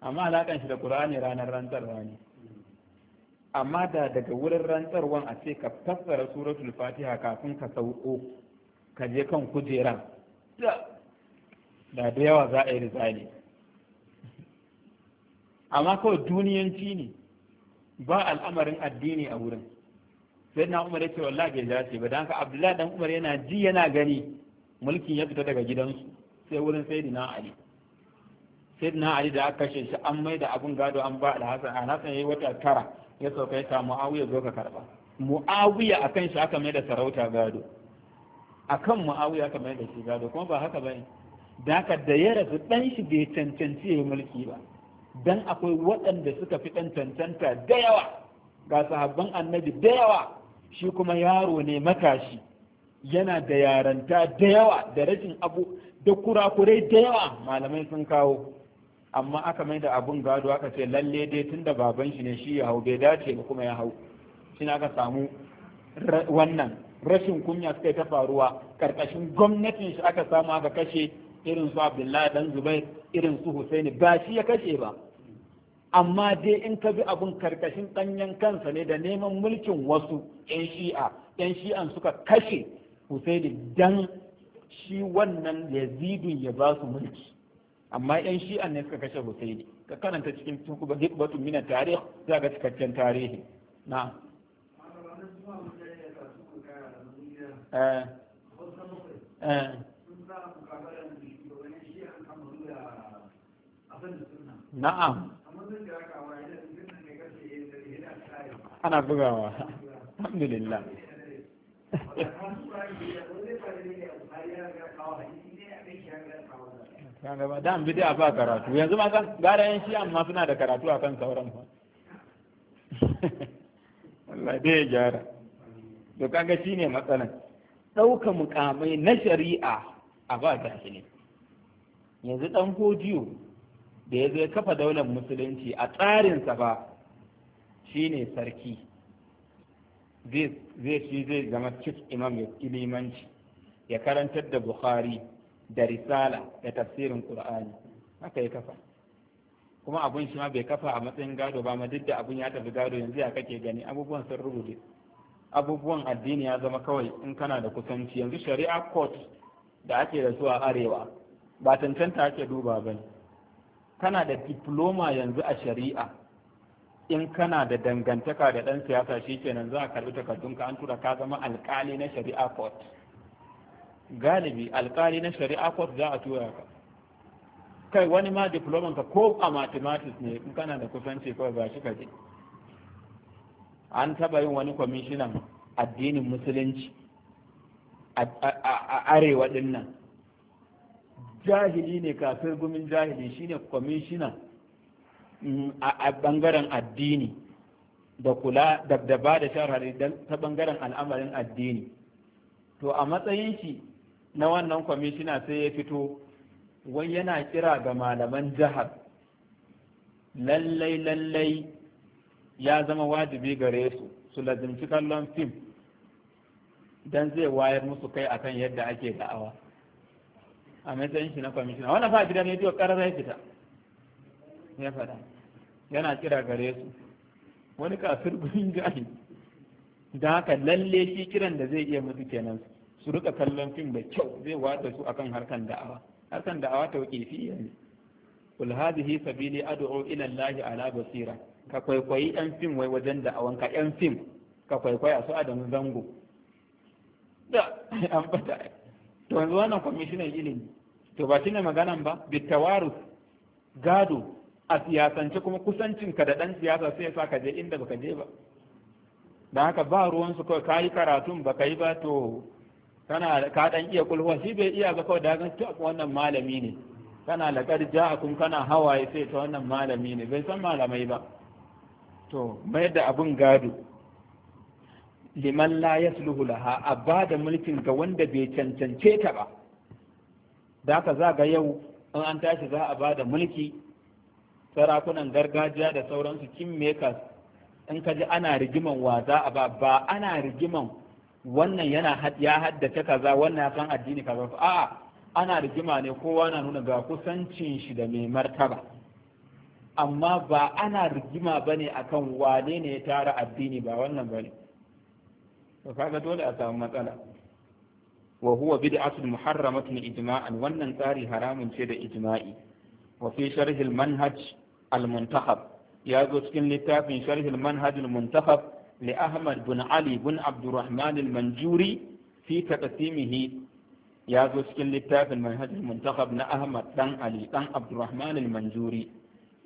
amma alaƙan shi da ƙur'ani ranar rantsar rani amma da daga wurin rantsarwan a ce ka fassara suratul fatiha kafin ka sauko ka je kan kujera da da yawa za a yi rizali amma kawai duniyanci ne ba al'amarin addini a wurin sai na umar ya ce wallahi bai dace ba dan haka abdullahi dan umar yana ji yana gani mulkin ya fita daga gidansu sai wurin sayyidina ali sayyidina ali da aka kashe shi an mai da abun gado an ba alhassan alhassan yayi wata tara ya sauka ya samu muawiya zo ka karba muawiya akan shi aka mai da sarauta gado akan muawiya aka mai da shi gado kuma ba haka bane da ka da ya rasu dan shi bai cancanci yayi mulki ba dan akwai waɗanda suka fi ɗan cancanta da yawa ga sahabban annabi da yawa shi kuma yaro ne matashi yana da yaranta da yawa da rashin abu da kurakurai da yawa malamai sun kawo amma aka mai da abun gado aka ce lalle dai tun da baban shi ne shi ya hau bai dace ba kuma ya hau shi aka samu wannan rashin kunya suka ta faruwa karkashin gwamnatin shi aka samu aka kashe irin su abdullahi dan zubair irin su husaini ba shi ya kashe ba amma dai in ka bi abun karkashin ɗanyen kansa ne da neman mulkin wasu 'yan shi'a 'yan shi'an suka kashe husaini dan shi wannan yazidun ya ba su mulki amma 'yan shi'an ne suka kashe husaini ka karanta cikin hikbatun mina tarihi, za ga cikakken tarihi na eh eh na'am ana bugawa alhamdulillah kan gaba da an bid'a ba karatu yanzu ma kan gara yan shi amma suna da karatu a kan sauran fa [laughs] Allah dai ya gyara to kaga ne matsalan ɗauka mukamai na shari'a a ba ta shi ne. yanzu dan hodiyo da ya zo ya kafa daular musulunci a tsarinsa ba shine sarki zai shi zai zama cif imam ya ya karantar da bukhari da risala da tafsirin qur'ani haka ya kafa kuma abun shi ma bai kafa a matsayin gado ba ma duk da abun ya tafi gado yanzu ya kake gani abubuwan sun rubuce abubuwan addini ya zama kawai in kana da kusanci yanzu shari'a court da ake da su a arewa ba tantanta ake duba ba ne. kana da diploma yanzu a shari'a in kana da dangantaka da ɗan siyasa shi za a karbi takardunka an tura ka zama alƙali na shari'a court galibi alƙali na shari'a court za a tura ka kai wani ma diploma ka ko a mathematics ne in kana da kusanci kawai ba shi kaje an taɓa yin wani kwamishinan addinin musulunci a arewa dinnan jahili ne kafir gumin jahili shine kwamishina mm, a bangaren addini da kula da ba da sharhari ta bangaren al'amarin addini to a matsayin shi na wannan kwamishina sai ya fito wai yana kira ga malaman jihar lallai lallai ya zama wajibi gare su su lazimci kallon fim don zai wayar musu kai akan yadda ake da'awa. a matsayin shi na kwamishina wannan fa gidan rediyo ƙarar ya fita ya faɗa yana kira gare su wani kafir gurin gani don haka lalle shi kiran da zai iya musu kenan su rika kallon fim da kyau zai wata su akan harkan da'awa harkan da'awa ta wakifiya ne kul hadhihi sabili ad'u ila allahi ala basira ka kwaikwayi yan fim wai wajen da'awan ka yan fim ka kwaikwaya su adamu zango da an fata to yanzu wannan kwamishinan ilimi to ba shi ne maganan ba bitawarus gado a siyasance kuma kusancin ka da dan siyasa sai sa ka je inda baka je ba dan haka ba ruwan su kai kayi karatun baka yi ba to kana ka dan iya kulhuwa shi bai iya ba kawai dagan to wannan malami ne kana laqad ja'akum kana hawaye sai ta wannan malami ne bai san malamai ba to mai da abun gado liman la yasluhu laha a bada mulkin ga wanda bai cancance ta ba da haka za ga yau in an tashi za a ba da mulki sarakunan gargajiya da sauransu kingmakers in ka ji ana rigiman wa za a ba ba ana rigiman wannan yana ya haddace kaza wannan ya san addini kaza a'a ana rigima ne kowa na nuna ga kusancin shi da mai martaba amma ba ana rigima bane akan wane ne ya tara addini ba wannan bane to kaga dole a samu matsala wa huwa bid'atun muharramatun ijma'an wannan tsari haramun ce da ijma'i wa fi sharh al-manhaj ya zo cikin littafin sharh al-manhaj al li Ahmad bin Ali bin Abdurrahman al-Manjuri fi taqsimihi ya zo cikin littafin manhaj al-muntakhab na Ahmad dan Ali dan Abdurrahman al-Manjuri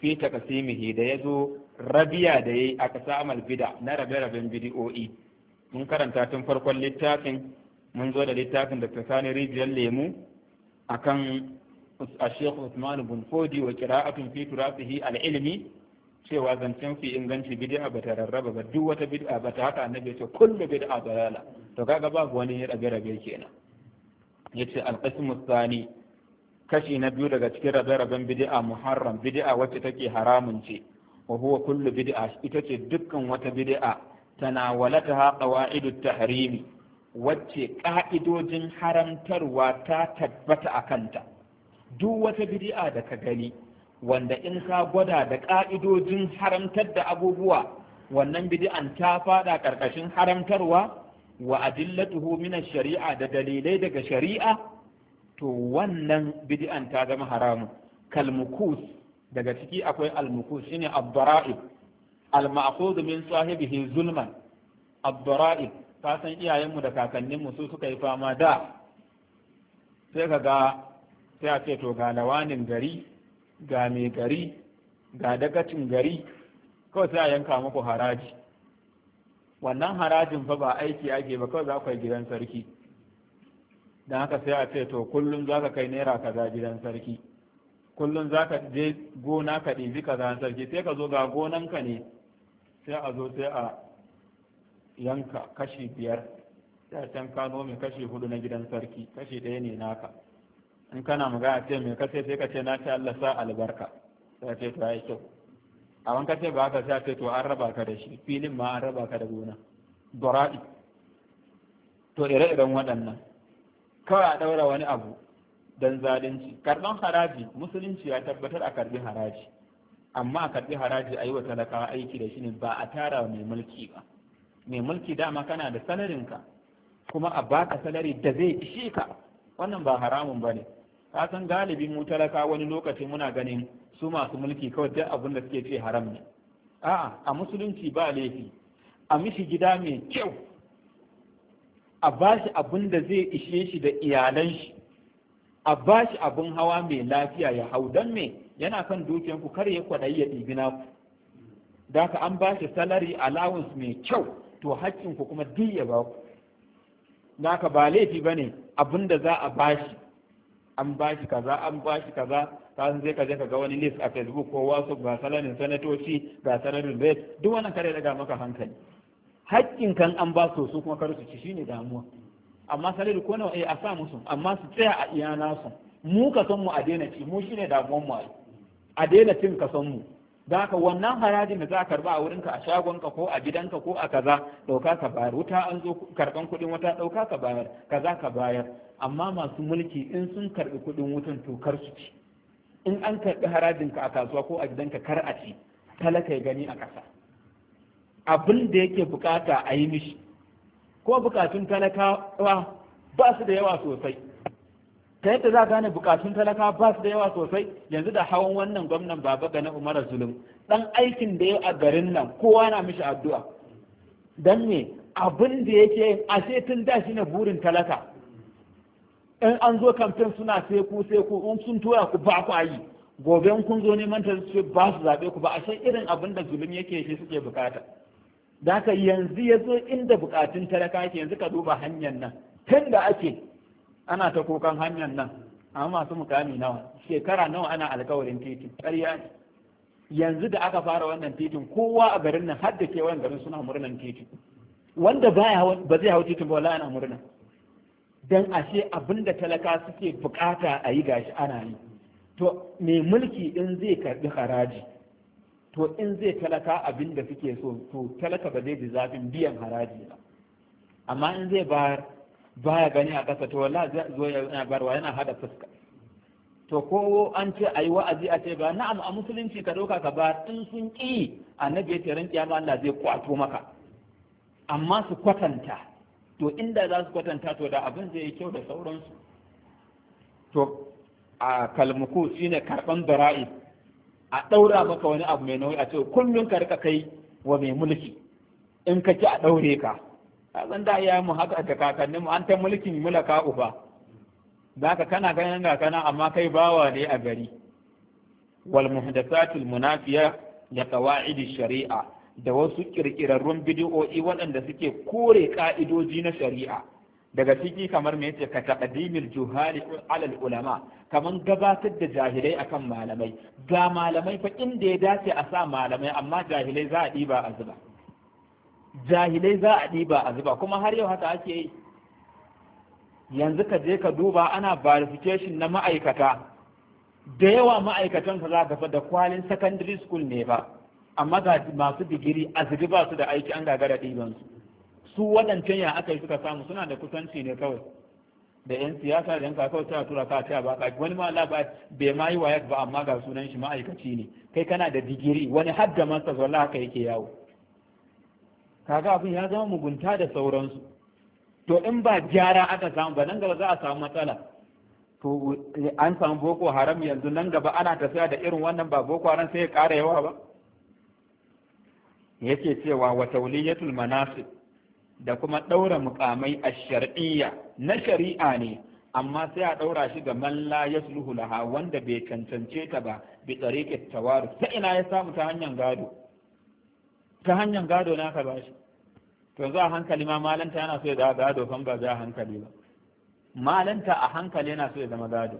fi taqsimihi da ya zo rabiya da yayi aka samal bid'a na rabe-raben bidi'o'i? mun karanta tun farkon littafin mun zo da littafin da tsakani rijiyar lemu a Usman bin Fodi wa فودي وقراءة في تراثه al'ilmi. cewa zancen fi inganci bid'a ba ta rarraba ba duk wata bid'a ba ta haka annabi ce kullu bid'a dalala to kaga babu wani rabe rabe kenan yace al thani kashi na biyu daga cikin rabe raben bid'a muharram bid'a wacce take haramun ce wa huwa kullu bid'a ita ce dukkan wata bid'a tanawalataha ta tahrimi wacce ƙa'idojin haramtarwa ta tabbata a kanta duk wata bid'a da ka gani wanda in ka gwada da ƙa'idojin haramtar da abubuwa wannan bid'an ta fada ƙarƙashin haramtarwa wa adillatuhu min shari'a da dalilai daga shari'a to wannan bid'an ta zama haramun kalmukus daga ciki akwai almukus shine abdara'ib al min sahibihi zulman abdara'ib ka san iyayenmu da kakanninmu su suka yi fama da sai ka ga sai a ce to ga lawanin gari ga mai gari ga dagacin gari kawai sai a yanka muku haraji wannan harajin fa ba aiki ake ba kawai za ku yi gidan sarki don haka sai a ce to kullum za ka kai naira kaza gidan sarki kullum za ka je gona ka ɗibi kaza sarki sai ka zo ga gonanka ne sai a zo sai a yanka kashi biyar da kano ka kashi hudu na gidan sarki kashi ɗaya ne naka in kana magana ce mai kace sai ka ce na ce Allah sa albarka sai ce to yi kyau a wanka ce ba ka sai ce to an raba ka da shi filin ma an raba ka da gona doraɗi to ire-iren waɗannan kawai a ɗaura wani abu don zalunci karɓan haraji musulunci ya tabbatar a karɓi haraji amma a karɓi haraji a yi wa talakawa aiki da shi ne ba a tara mai mulki ba mai mulki dama kana da salarinka kuma a baka salari da zai ishe ka wannan ba haramun ba ne ka san galibi mu talaka wani lokaci muna ganin su masu mulki kawai duk abin da suke ce haram ne a'a a musulunci ba laifi a mishi gida mai kyau a shi abin da zai ishe shi da iyalan shi a ba shi abin hawa mai lafiya ya hau dan me yana kan dukiyanku kar ya kwaɗayi ya ɗibi naku da ka an bashi salari allowance mai kyau to ku kuma duk ya ba ku naka ba laifi ba ne abin da za a bashi an bashi kaza an bashi kaza ka zai ka je ka ga wani list a facebook ko wasu ga sanarin sanatoci ga sanarin rate duk wannan kare daga maka hankali haƙƙin kan an ba su su kuma karu su ci shine damuwa amma sanar ko nawa eh, a sa musu amma su tsaya a iya nasu mu ka san mu a daina ci mu shine damuwan mu a daina cin ka san mu Zaka wannan harajin da za a karba a wurinka a shagonka ko a gidanka ko a kaza ɗauka ka bayar wuta an zo karɓan kuɗin wuta ɗauka ka bayar kaza ka bayar amma masu mulki in sun karɓi kuɗin wutan to kar su ci in an karɓi harajinka a kasuwa ko a gidanka kar a ci talaka ya gani a ƙasa abin da yake bukata a yi mishi ko bukatun talakawa ba su da yawa sosai ta yadda za gane bukatun talaka ba su da yawa sosai yanzu da hawan wannan gwamnan baba ga na umar zulum dan aikin da ya a garin nan kowa na mishi addu'a dan me abin da yake a sai tun da shi ne burin talaka in an zo kamfen suna sai ku sai ku in sun tura ku ba ku ayi gobe kun zo neman ta ba su zabe ku ba a san irin abin da zulum yake shi suke bukata da haka yanzu ya zo inda bukatun talaka yake yanzu ka duba hanyar nan tun da ake ana ta kokan hanyar nan amma masu mukami nawa shekara nawa ana alkawarin titi ƙarya yanzu da aka fara wannan titin kowa a garin nan har da ke wayan garin suna murnan titin wanda ba zai hau titin ba wala ana murna dan ashe abinda talaka suke bukata a yi gashi ana yi to mai mulki in zai karbi haraji to in zai talaka abinda suke so to talaka ba zai ji zafin biyan haraji ba amma in zai bayar baya gani a ƙasa to wallahi zai zo ya yana barwa yana hada fuska to ko an ce ayi wa'azi a ce ba na'am a musulunci ka ɗauka ka ba in sun ƙi annabi ya ce ran kiyama Allah zai kwato maka amma su kwatanta to inda za su kwatanta to da abin zai yi kyau da sauransu to a kalmuku shine karban bara'i a daura maka wani abu mai nauyi a ce kullum ka rika kai wa mai mulki in ka ci a daure ka ka da yi mu haka da kakanninmu an ta mulkin mulaka Za zaka kana ganin ga kana amma kai bawa ne a gari wal muhdathatul munafiya ya qawaid shari'a da wasu kirkirarrun bid'o'i waɗanda suke kore ka'idoji na shari'a daga ciki kamar me yace ka taqdimil juhali alal ulama kamar gabatar da jahilai akan malamai ga malamai fa inda ya dace a sa malamai amma jahilai za a ɗiba a zuba jahilai za a ɗiba a zuba kuma har yau haka ake yi yanzu ka je ka duba ana verification na ma'aikata da yawa ma'aikatan ka za ka da kwalin secondary school ne ba amma ga masu digiri a zubi ba su da aiki an gagara ɗiban su su waɗancan ya aka yi suka samu suna da kusanci ne kawai da yan siyasa da yan kawai suna tura ka ta ba wani ma la bai ma yi wayak ba amma ga sunan shi ma'aikaci ne kai kana da digiri wani har da masa haka yake yawo kaga abin ya zama mugunta da sauransu to in ba gyara aka samu ba nan gaba za a samu matsala to an samu boko haram yanzu nan gaba ana tafiya da irin wannan ba boko haram sai ya ƙara yawa ba yake cewa wa tauliyatul manasib da kuma ɗaura mukamai a shar'iyya na shari'a ne amma sai a ɗaura shi ga man la yasluhu laha wanda bai cancance ta ba bi tariqat tawarus ta ina ya samu ta hanyar gado ta hanyar gado na ka bashi to za a hankali ma malanta yana so ya zama gado kan ba za a hankali ba malanta a hankali yana so ya zama gado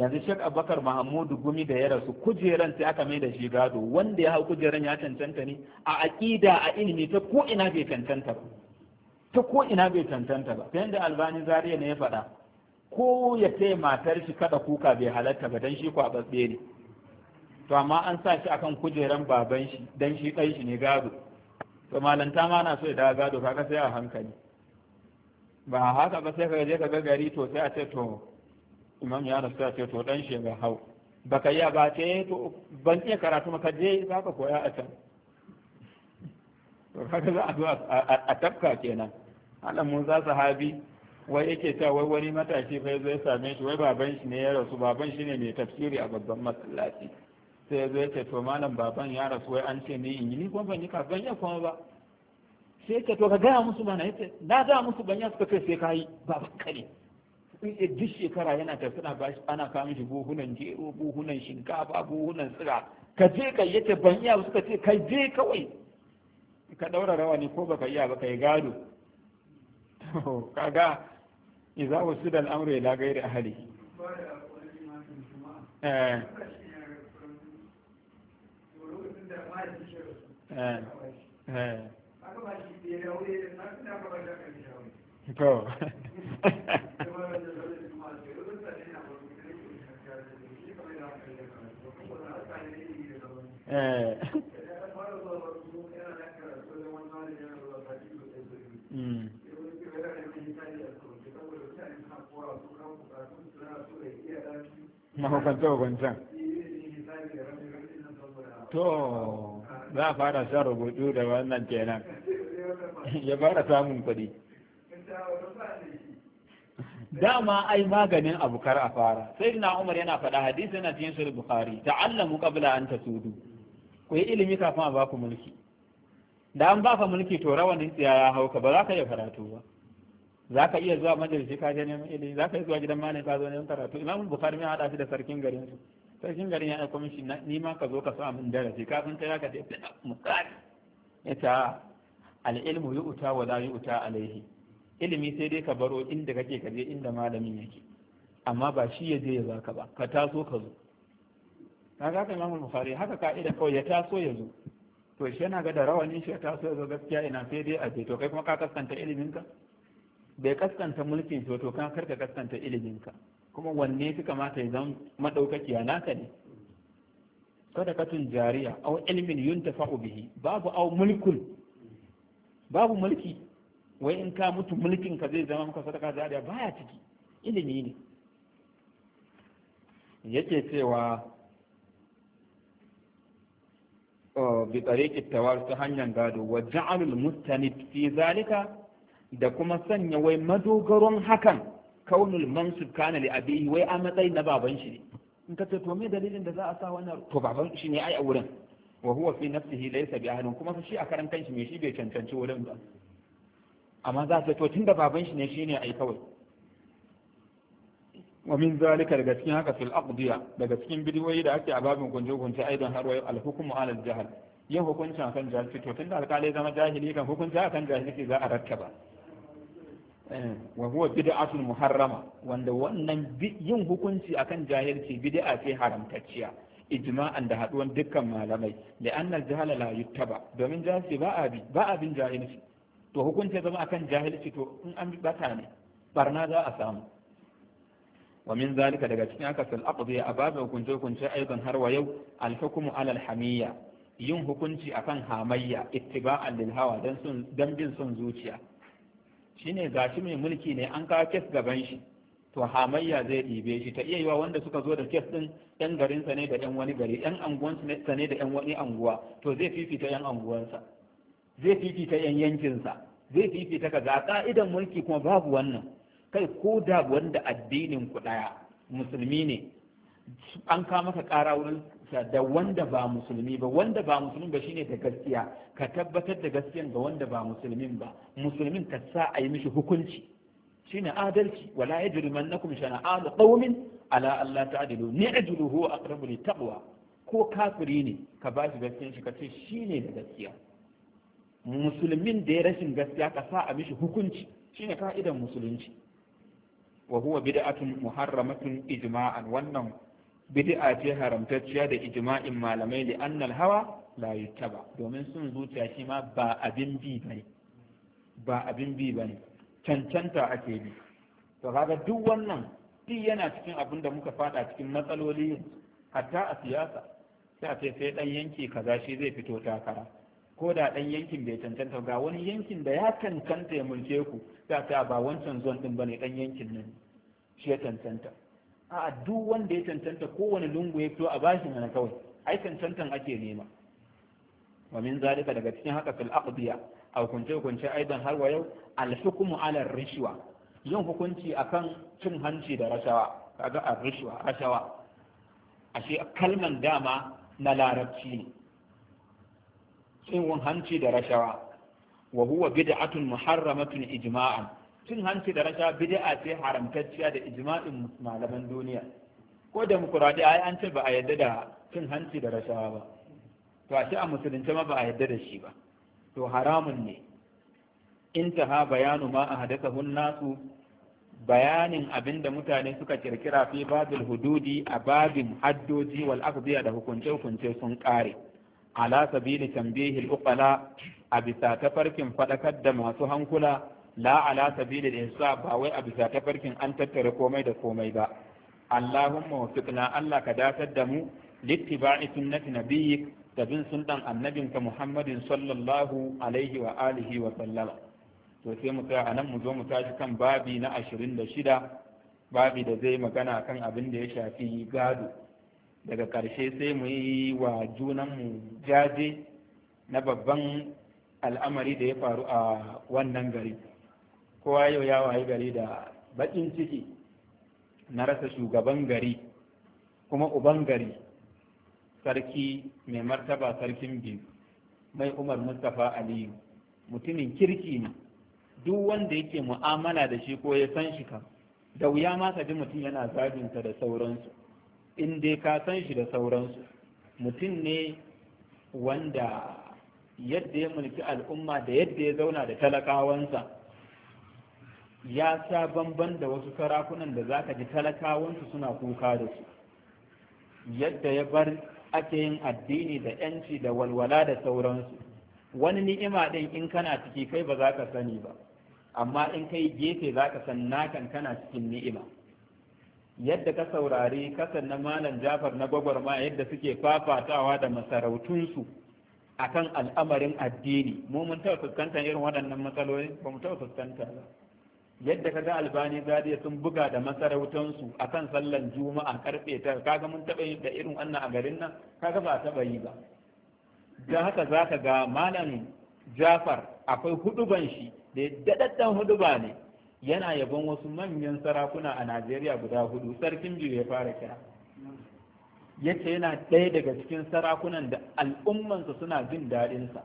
yanzu shek abubakar mahamudu gumi da ya rasu kujeran sai aka mai da shi gado wanda ya hau kujeran ya cancanta ne a aƙida a ilimi ta ko ina bai cancanta ba ta ko ina bai cancanta ba ta da albani zariya ne ya faɗa ko ya taya matar shi kada kuka bai halatta ba don shi kwa ne to amma an sa shi akan kujeran baban shi dan shi dan shi ne gado to malanta ma na so ya dawo gado kaga sai a hankali ba haka ba sai ka je ka ga gari to sai a ce to imam ya rasu ya ce to dan shi ga hau baka yi ba ce eh, to ban iya karatu maka je za ka koya a can to kaga za a zo a tafka kenan Allah Musa sahabi wai yake ta wai wani matashi fa yazo ya same shi wai baban shi ne ya rasu baban shi ne mai tafsiri a babban masallaci sai zai ce to malam baban ya rasu wai an ce ni in yi ni kuma ban yi ka ban yi kuma ba sai ya ce to ka gaya musu mana yace na gaya musu ban ya suka ce sai ka yi baban ka ne in ya duk shekara yana suna ba bashi ana kawo shi buhunan gero buhunan shinkafa buhunan tsira ka je ka yi ban iya suka ce ka je kawai ka daura rawa ne ko baka iya ba yi gado kaga idza wasidal amru ila ghairi ahli eh Eh, eh. to [laughs] eh. mm. mahukunta [laughs] hukuntan to za a fara sa rubutu da wannan kenan ya fara samun kuɗi dama ai maganin abu a fara sai na umar yana faɗa hadisi yana cikin sahih bukhari mu qabla an tasudu ku yi ilimi kafin a baku mulki da an baka mulki to rawanin tsiya ya hauka ba za ka iya karatu ba za ka iya zuwa majalisi ka je neman ilimi za ka iya zuwa gidan malam ka zo neman karatu imamu bukari ya hada shi da sarkin garinsu. sarkin garin ya aiko mishi ni ma ka zo ka sa min darasi kafin ta ka ce misali ya ta ah, al'ilmu yu'ta wa la yu'ta alaihi ilimi sai dai ka baro inda kake ka je inda malamin yake amma ba shi ya je ya ka ba ka taso ka zo kaga ka Imam Bukhari haka ka'ida kawai ya taso ya zo to shi yana ga da rawanin shi ya taso ya zo gaskiya ina sai dai a je to kai kuma ka kaskanta iliminka bai kaskanta mulkin to to kan karka kaskanta iliminka kuma wanne fi kamata ya zan madaukakiya naka ne sadakatun jariya aw ilmin fa'u bihi babu aw mulkul babu mulki wai in ka mutu mulkin ka zai zama maka sadaka jariya baya ciki ilimi ne yake cewa oh, bi tsariƙi tawar ta hanyar gado wa ja'alul mustanid fi zalika da kuma sanya wai madogaron hakan kaunul mansub kana li abihi wai a matsayin na baban shi ne in ka ce to me dalilin da za a sa wannan to baban shi ne ai a wurin wa huwa fi nafsihi laysa bi ahlin kuma shi a karan kanshi me shi bai cancanci wurin ba amma za ta to tunda baban shi ne shine ai kawai wa min zalika daga cikin haka fil aqdiya daga cikin bidiyoyi da ake a babin kunje kunje aidan har wayo al hukmu ala al jahal yin hukuncin akan jahilci to tunda alƙali zama jahili kan hukunci akan jahilci za a rattaba wa huwa bid'atul muharrama wanda wannan yin hukunci akan jahilci bid'a ce haramtacciya ijma'an da haduwan dukkan malamai da annal jahala la yuttaba domin jahilci ba a ba abin jahilci to hukunci zama akan jahilci to in an bata ne barna za a samu wa min zalika daga cikin aka fil aqdi a babin hukunce hukunce aidan har wa yau al hukmu ala al hamiyya yin hukunci akan hamayya ittiba'an lil hawa dan sun dan bin son zuciya shine gashi mai mulki ne an kawo kes gaban shi to hamayya zai ɗibe shi ta iya yiwa wanda suka zo da kes ɗin yan garinsa ne da yan wani gari yan anguwansa ne da yan wani anguwa to zai fifita yan anguwansa zai fifita yan yankinsa zai fifita ka ga ka'idan mulki kuma babu wannan kai ko da wanda addinin ku ɗaya musulmi ne an kawo maka ƙara wurin da wanda ba musulmi ba wanda ba musulmi ba shine da gaskiya ka tabbatar da gaskiyan ga wanda ba musulmin ba musulmin ka sa a yi mishi hukunci shine adalci wala yajrimannakum shana'an qaumin ala alla ta'dilu ni'dilu huwa aqrabu taqwa ko kafiri ne ka ba shi gaskiyan shi ka ce shine da gaskiya musulmin da ya rashin gaskiya ka sa a mishi hukunci shine ka'idan musulunci wa huwa bid'atun muharramatun ijma'an wannan bid'a ce haramtacciya da ijma'in malamai da annal hawa la yuttaba domin sun zuciya shi ma ba abin bi bane ba abin bi bane cancanta ake bi to kaga duk wannan shi yana cikin abin da muka fada cikin matsaloli hatta a siyasa sai a ce sai dan yanki kaza shi zai fito takara ko da dan yankin bai cancanta ga wani yankin da ya cancanta ya mulke ku sai a ba wancan zon din bane dan yankin nan shi ya cancanta a duk wanda ya cancanta kowane lungu ya fito a bashi mana kawai ai cancantan ake nema wa min zalika daga cikin haka fil aqdiya a hukunce hukunce aidan har wa yau al hukmu ala rishwa yin hukunci akan cin hanci da rashawa kaga al rishwa rashawa ashe kalman dama na larabci ne cin hanci da rashawa wa huwa bid'atun muharramatun ijma'an cin hanci da rasha bid'a ce haramtacciya da ijma'in malaman duniya ko demokuraɗiyya ai an ce ba a yadda da cin hanci da rasha ba to a shi a musulunci ma ba a yadda da shi ba to haramun ne intaha bayanu ma a hadasa nasu bayanin abinda mutane suka kirkira fi babil hududi a babin haddoji wal aqdiya da hukunce hukunce sun kare ala sabili tambihil uqala a bisa tafarkin fadakar da masu hankula la ala sabilil insa ba wai a bisa farkin an tattara komai da komai ba allahumma waffiqna allah ka datar da mu littiba'i sunnati nabiyyik da bin sunnan annabinka muhammadin sallallahu alaihi wa alihi wa sallama to sai mu tsaya anan mu zo mu tashi kan babi na 26 babi da zai magana kan abin da ya shafi gado daga karshe sai mu yi wa mu jaje na babban al'amari da ya faru a wannan gari kowa yau ya wayi gari da baƙin ciki na rasa shugaban gari kuma uban gari sarki mai martaba sarkin biyu mai umar mustapha aliyu mutumin kirki ne duk wanda yake mu'amala da shi ko ya san shi kan da wuya ma ka ji mutum yana zaginsa da sauransu in dai ka san shi da sauransu mutum ne wanda yadda ya mulki al'umma da yadda ya zauna da talakawansa ya sa bamban da wasu sarakunan da zaka ji talakawansu suna kuka da su yadda ya bar ake yin addini da yanci da walwala da sauransu wani ni'ima ɗin in kana ciki kai ba za ka sani ba amma in kai gefe za ka san nakan kana cikin ni'ima yadda ka saurari kasan na malam jafar na gwagwarma yadda suke fafatawa da masarautunsu akan al'amarin addini mu mun taɓa fuskantar irin waɗannan matsaloli ba mu taɓa fuskanta ba yadda kaga albani zariya sun buga da masarautansu kan sallan juma'a karfe ta kaga mun taɓa yin da irin wannan a garin nan kaga ba taɓa yi ba don haka za ka ga malam jafar akwai huduban shi da daɗaɗɗen huduba ne yana yabon wasu manyan sarakuna a najeriya guda hudu sarkin biyu ya fara kira yace yana ɗaya daga cikin sarakunan da al'ummansa suna jin daɗinsa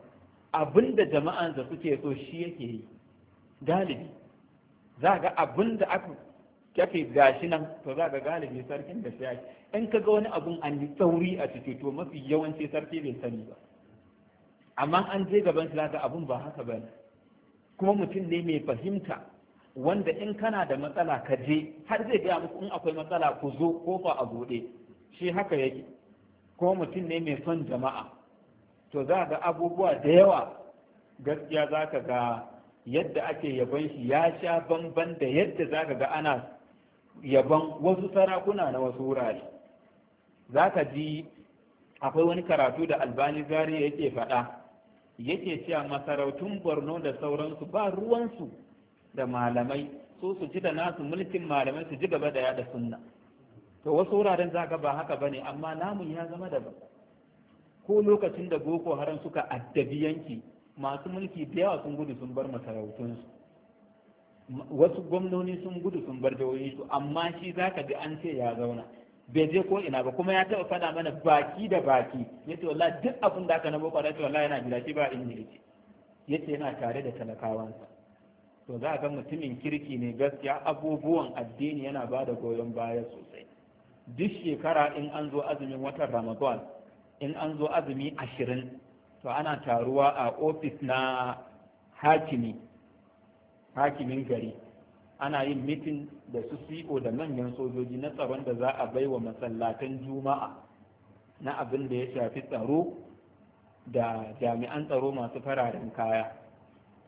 abinda jama'ansa suke so shi yake yi galibi za ga abin da aka kafe gashi nan to za ga galibi sarkin da shi in ka ga wani abun an yi tsauri a ciki to mafi yawanci sarki bai sani ba amma an je gaban shi ga abun ba haka ba kuma mutum ne mai fahimta wanda in kana da matsala ka je har zai gaya muku in akwai matsala ku zo kofa a gode. shi haka yake ko mutum ne mai son jama'a to za ga abubuwa da yawa gaskiya za ka ga yadda ake yabon shi ya sha bamban da yadda za ga ana yabon wasu sarakuna na wasu wurare za ka ji akwai wani karatu da albani zari yake faɗa yake cewa masarautun borno da sauransu ba ruwansu da malamai so su ji da nasu mulkin malamai su ji gaba da yada sunna to wasu wuraren za ka ba haka bane amma namu ya zama daban ko lokacin da boko haram suka addabi yanki masu mulki da yawa sun gudu sun bar masarautunsu wasu gwamnoni sun gudu sun bar su. amma shi za ka ji an ce ya zauna bai je ko ina ba kuma ya taɓa faɗa mana baki da baki ya ce wallahi duk abin da aka na boko ce wallahi yana gida shi ba inda yake ya ce yana tare da talakawansa to za a ga mutumin kirki ne gaskiya abubuwan addini yana ba da goyon baya sosai duk shekara in an zo azumin watan ramadan in an zo azumi ashirin to ana taruwa a ofis na hakimi hakimin gari ana yin mitin da su CEO da manyan sojoji na tsaron da za a baiwa masallatan juma'a na abin da ya shafi tsaro da jami'an tsaro masu fararen kaya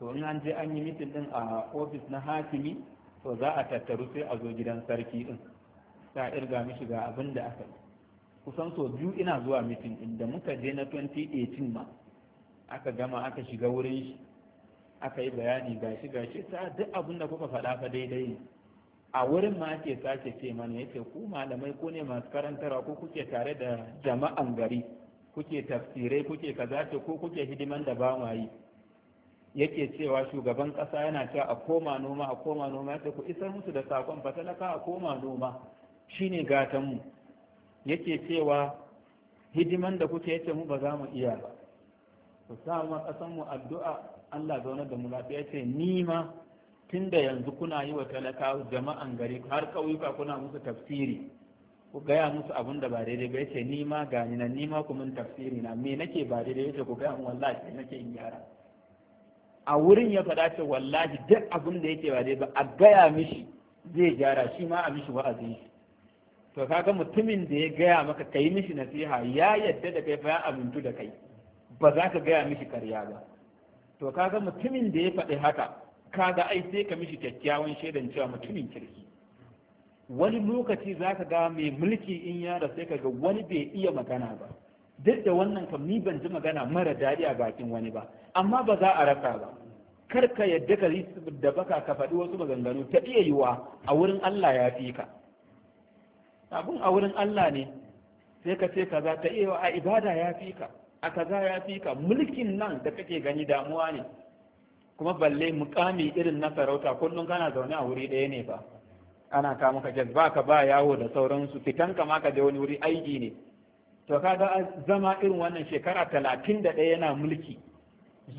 to in an je an yi mitin din a ofis na hakimi to za a tattaru sai a zo gidan sarki din ta irga mishi ga abin da aka kusan so biyu ina zuwa mitin inda muka je na 2018 ma aka gama aka shiga wurin shi aka yi bayani gashi gashi ta duk abin da kuka faɗa fa daidai a wurin ma ake sake ce mana yace ku malamai ko ne masu karantarwa ko kuke tare da jama'an gari kuke tafsirai kuke kaza ce ko kuke hidiman da ba ma yi yake cewa shugaban kasa yana cewa a koma noma a koma noma yace ku isar musu da sakon fatalaka a koma noma shine gatan mu yake cewa hidiman da kuke yace mu ba za mu iya ba ku sa ma kasan mu addu'a Allah zaune da mu lafiya ce ni ma tunda yanzu kuna yi wa talakawa jama'an gari har ƙauyuka kuna musu tafsiri ku gaya musu abin da ba daidai ba yace ni ma gani na ni ma kuma tafsiri na me nake ba daidai yace ku gaya mu wallahi sai nake in gyara a wurin ya faɗa ce wallahi duk abin da yake ba daidai ba a gaya mishi zai gyara shi ma a mishi wa'azi to kaga mutumin da ya gaya maka kai mishi nasiha ya yadda da kai fa ya amintu da kai ba za ka gaya mishi karya ba to ka ga mutumin da ya faɗi haka kaga ai sai ka mishi kyakkyawan shaidan cewa mutumin kirki wani lokaci za ka ga mai mulki in yara sai ka ga wani bai iya magana ba duk da wannan kam ni ban ji magana mara daɗi a bakin wani ba amma ba za a rasa ba kar ka yadda ka yi da baka ka faɗi wasu maganganu ta iya yiwa a wurin Allah ya fi ka abun a wurin Allah ne sai ka ce kaza ta iya a ibada ya fi ka a kaza ya fi ka mulkin nan da kake gani damuwa ne kuma balle mukami irin na sarauta kullum kana zaune a wuri ɗaya ne ba ana ka muka jaz ba ka ba yawo da sauransu fitan ka ma ka je wani wuri aiki ne to kaga zama irin wannan shekara talatin da ɗaya yana mulki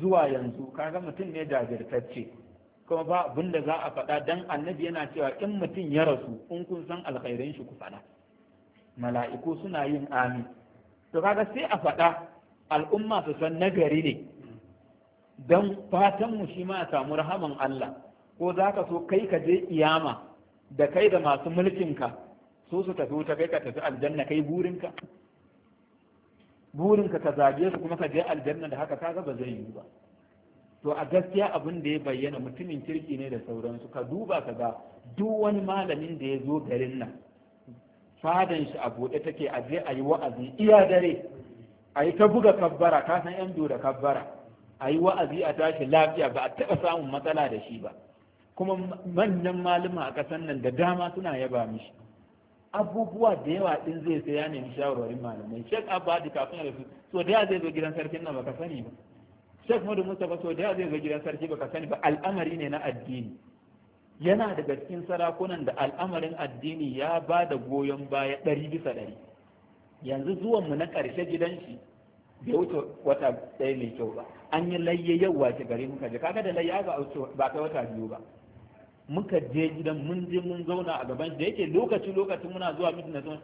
zuwa yanzu kaga mutum ne jajirtacce kuma ba abin da za a faɗa dan annabi yana cewa in mutum ya rasu in kun san alkhairin shi ku faɗa mala'iku suna yin Ami. to kaga sai a faɗa al'umma su san nagari ne don fatanmu shi ma a samu rahaman Allah ko za ka so kai ka je iyama da kai da masu mulkinka so su tafi wuta kai ka tafi aljanna kai burinka burinka ka zage su kuma ka je aljanna da haka kaga ba zai yi ba to a gaskiya abin da ya bayyana mutumin kirki ne da sauransu ka duba ka ga duk wani malamin da ya zo garin nan fadan shi a buɗe take a je a yi wa'azi iya dare a yi ta buga kabbara ka san yan da kabbara a yi wa'azi a tashi lafiya ba a taɓa samun matsala da shi ba kuma manyan malama a ƙasar nan da dama suna yaba mishi abubuwa da yawa ɗin zai sai ya nemi shawarwarin malamai shek abadi kafin ya rasu so da zai zo gidan sarkin nan baka sani ba shek mudu mustapha so da zai zo gidan sarki baka sani ba al'amari ne na addini yana daga cikin sarakunan da al'amarin addini ya ba da goyon baya ɗari bisa ɗari yanzu zuwan mu na ƙarshe gidan shi bai wuce wata ɗaya mai kyau ba an yi layye yau wace gari muka je kaga da layya ba ba kai wata biyu ba muka je gidan mun je mun zauna a gaban da yake lokaci lokaci muna zuwa mutum na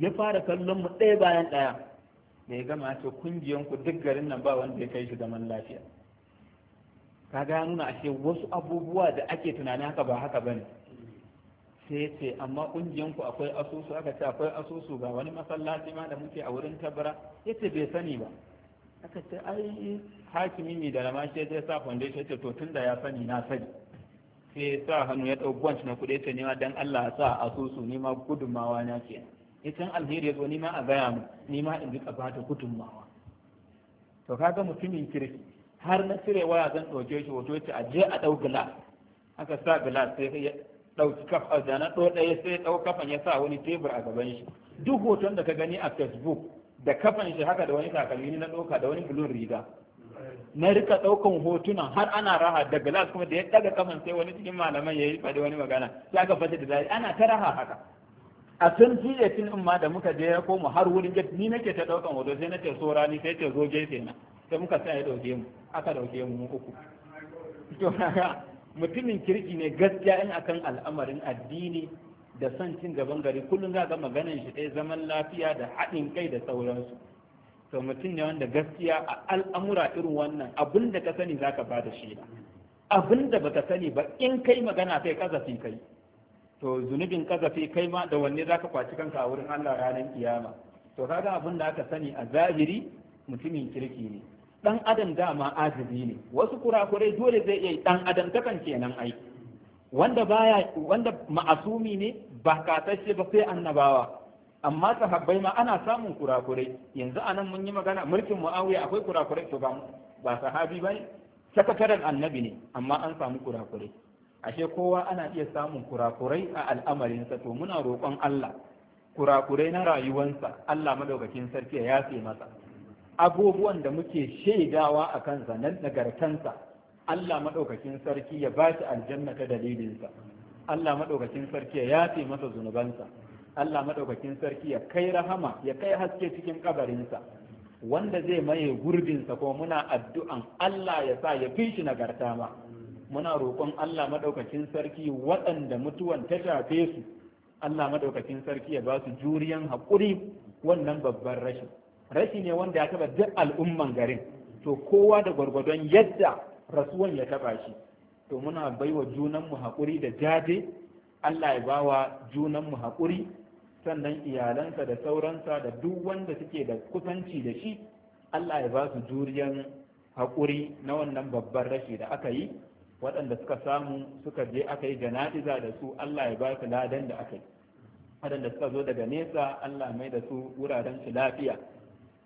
ya fara kallon mu ɗaya bayan ɗaya da ya gama ce kungiyan ku duk garin nan ba wanda ya kai shi zaman lafiya kaga ya nuna ashe wasu abubuwa da ake tunanin haka ba haka bane sai ya ce amma ƙungiyanku akwai asusu aka ce akwai asusu ga wani masallaci ma da muke a wurin tabara ya ce bai sani ba aka ce ai hakimi mai da rama shi ya sa foundation ce to tun da ya sani na sani sai sa hannu ya ɗau bunch na kuɗe ta nema dan Allah ya sa asusu ni ma gudunmawa na ke ya can alheri ya zo ni ma a gaya mu ni ma in duka bata gudunmawa to kaga mutumin kirki har na cire waya zan ɗauke shi hoto ya ce a je a ɗau glass aka sa glass sai ɗauki kafa da na ɗaya sai ɗau kafan ya sa wani tebur a gaban shi duk hoton da ka gani a facebook da kafan shi haka da wani takalmi na ɗauka da wani bulun riga na rika ɗaukan hotunan har ana raha da glas kuma da ya ɗaga kafan sai wani cikin malaman ya yi faɗi wani magana sai aka fashe da zai ana ta raha haka a sun fiye tun in ma da muka je ya koma har wurin ni nake ta ɗaukan hoto sai na ce sora sai ce zo gefe na sai muka sa ya ɗauke mu aka ɗauke mu uku mutumin kirki ne gaskiya in akan al'amarin addini da son cin gaban gari kullum za ga maganan shi ɗaya zaman lafiya da haɗin kai da sauransu to mutum ne wanda gaskiya a al'amura irin wannan abin da ka sani za ka ba da shi abin da baka sani ba in kai magana kai kazafi kai to zunubin kazafi kai ma da wanne zaka kwaci kanka a wurin Allah ranar kiyama to kaga abin da aka sani a zahiri mutumin kirki ne dan adam dama ajizi ne wasu kurakurai dole zai iya dan adam takan kenan ai wanda baya wanda ma'asumi ne ba kasashe ba sai annabawa amma sahabbai ma ana samun kurakurai yanzu anan mun yi magana mulkin muawiya akwai kurakurai to ba ba sahabi bane sakataren annabi ne amma an samu kurakurai ashe kowa ana iya samun kurakurai a al'amarinsa to muna roƙon Allah kurakurai na rayuwansa Allah madaukakin sarki ya yafe masa abubuwan da muke shaidawa a kansa na nagartansa Allah maɗaukakin sarki ya ba shi aljanna ta dalilinsa Allah maɗaukakin sarki ya yafe masa zunubansa Allah maɗaukakin sarki ya kai rahama ya kai haske cikin ƙabarinsa. wanda zai maye gurbinsa ko muna addu'an Allah ya sa ya fi shi nagarta ma muna roƙon Allah maɗaukakin sarki waɗanda mutuwan ta shafe su Allah maɗaukakin sarki ya ba su juriyan haƙuri wannan babban rashin rashi ne wanda ya taba duk al'umman garin to kowa da gwargwadon yadda rasuwan ya taba shi to muna baiwa junanmu haƙuri da jaje Allah ya bawa junanmu haƙuri sannan iyalansa da sauransa da duk wanda suke da kusanci da shi Allah ya ba su juriyan haƙuri na wannan babban rashi da aka yi waɗanda suka samu suka je aka yi jana'iza da su Allah ya ba su ladan da aka yi waɗanda suka zo daga nesa Allah mai da su wuraren su lafiya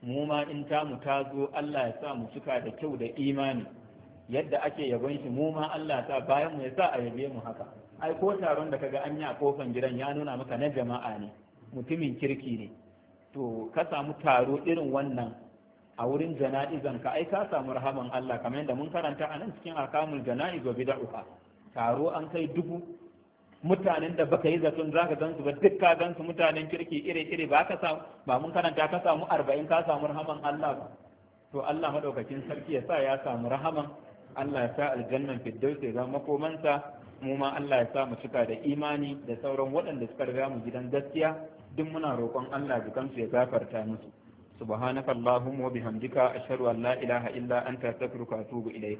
mu ma in mu ta zo Allah ya sa mu cika da kyau da imani yadda ake yabon shi mu ma Allah ya bayan mu ya sa a yabe mu haka ai ko taron da kaga an yi a kofan gidan ya nuna maka na jama'a ne mutumin kirki ne to ka samu taro irin wannan a wurin jana'izan ka ai ka samu rahaman Allah kamar yadda mun karanta a nan cikin akamul jana'iz wa bid'a taro an kai dubu mutanen da baka yi zaton za ka gansu ba duk ka gansu mutanen kirki iri-iri ba ka samu ba mun karanta ka samu arba'in ka samu rahaman Allah ba to Allah madaukakin sarki ya sa ya samu rahaman Allah ya sa aljannan firdausi ya zama komansa mu ma Allah ya sa mu cika da imani da sauran waɗanda suka riga mu gidan gaskiya duk muna roƙon Allah dukansu ya gafarta musu subhanakallahumma wa bihamdika ashhadu an la ilaha illa anta astaghfiruka wa atubu ilayka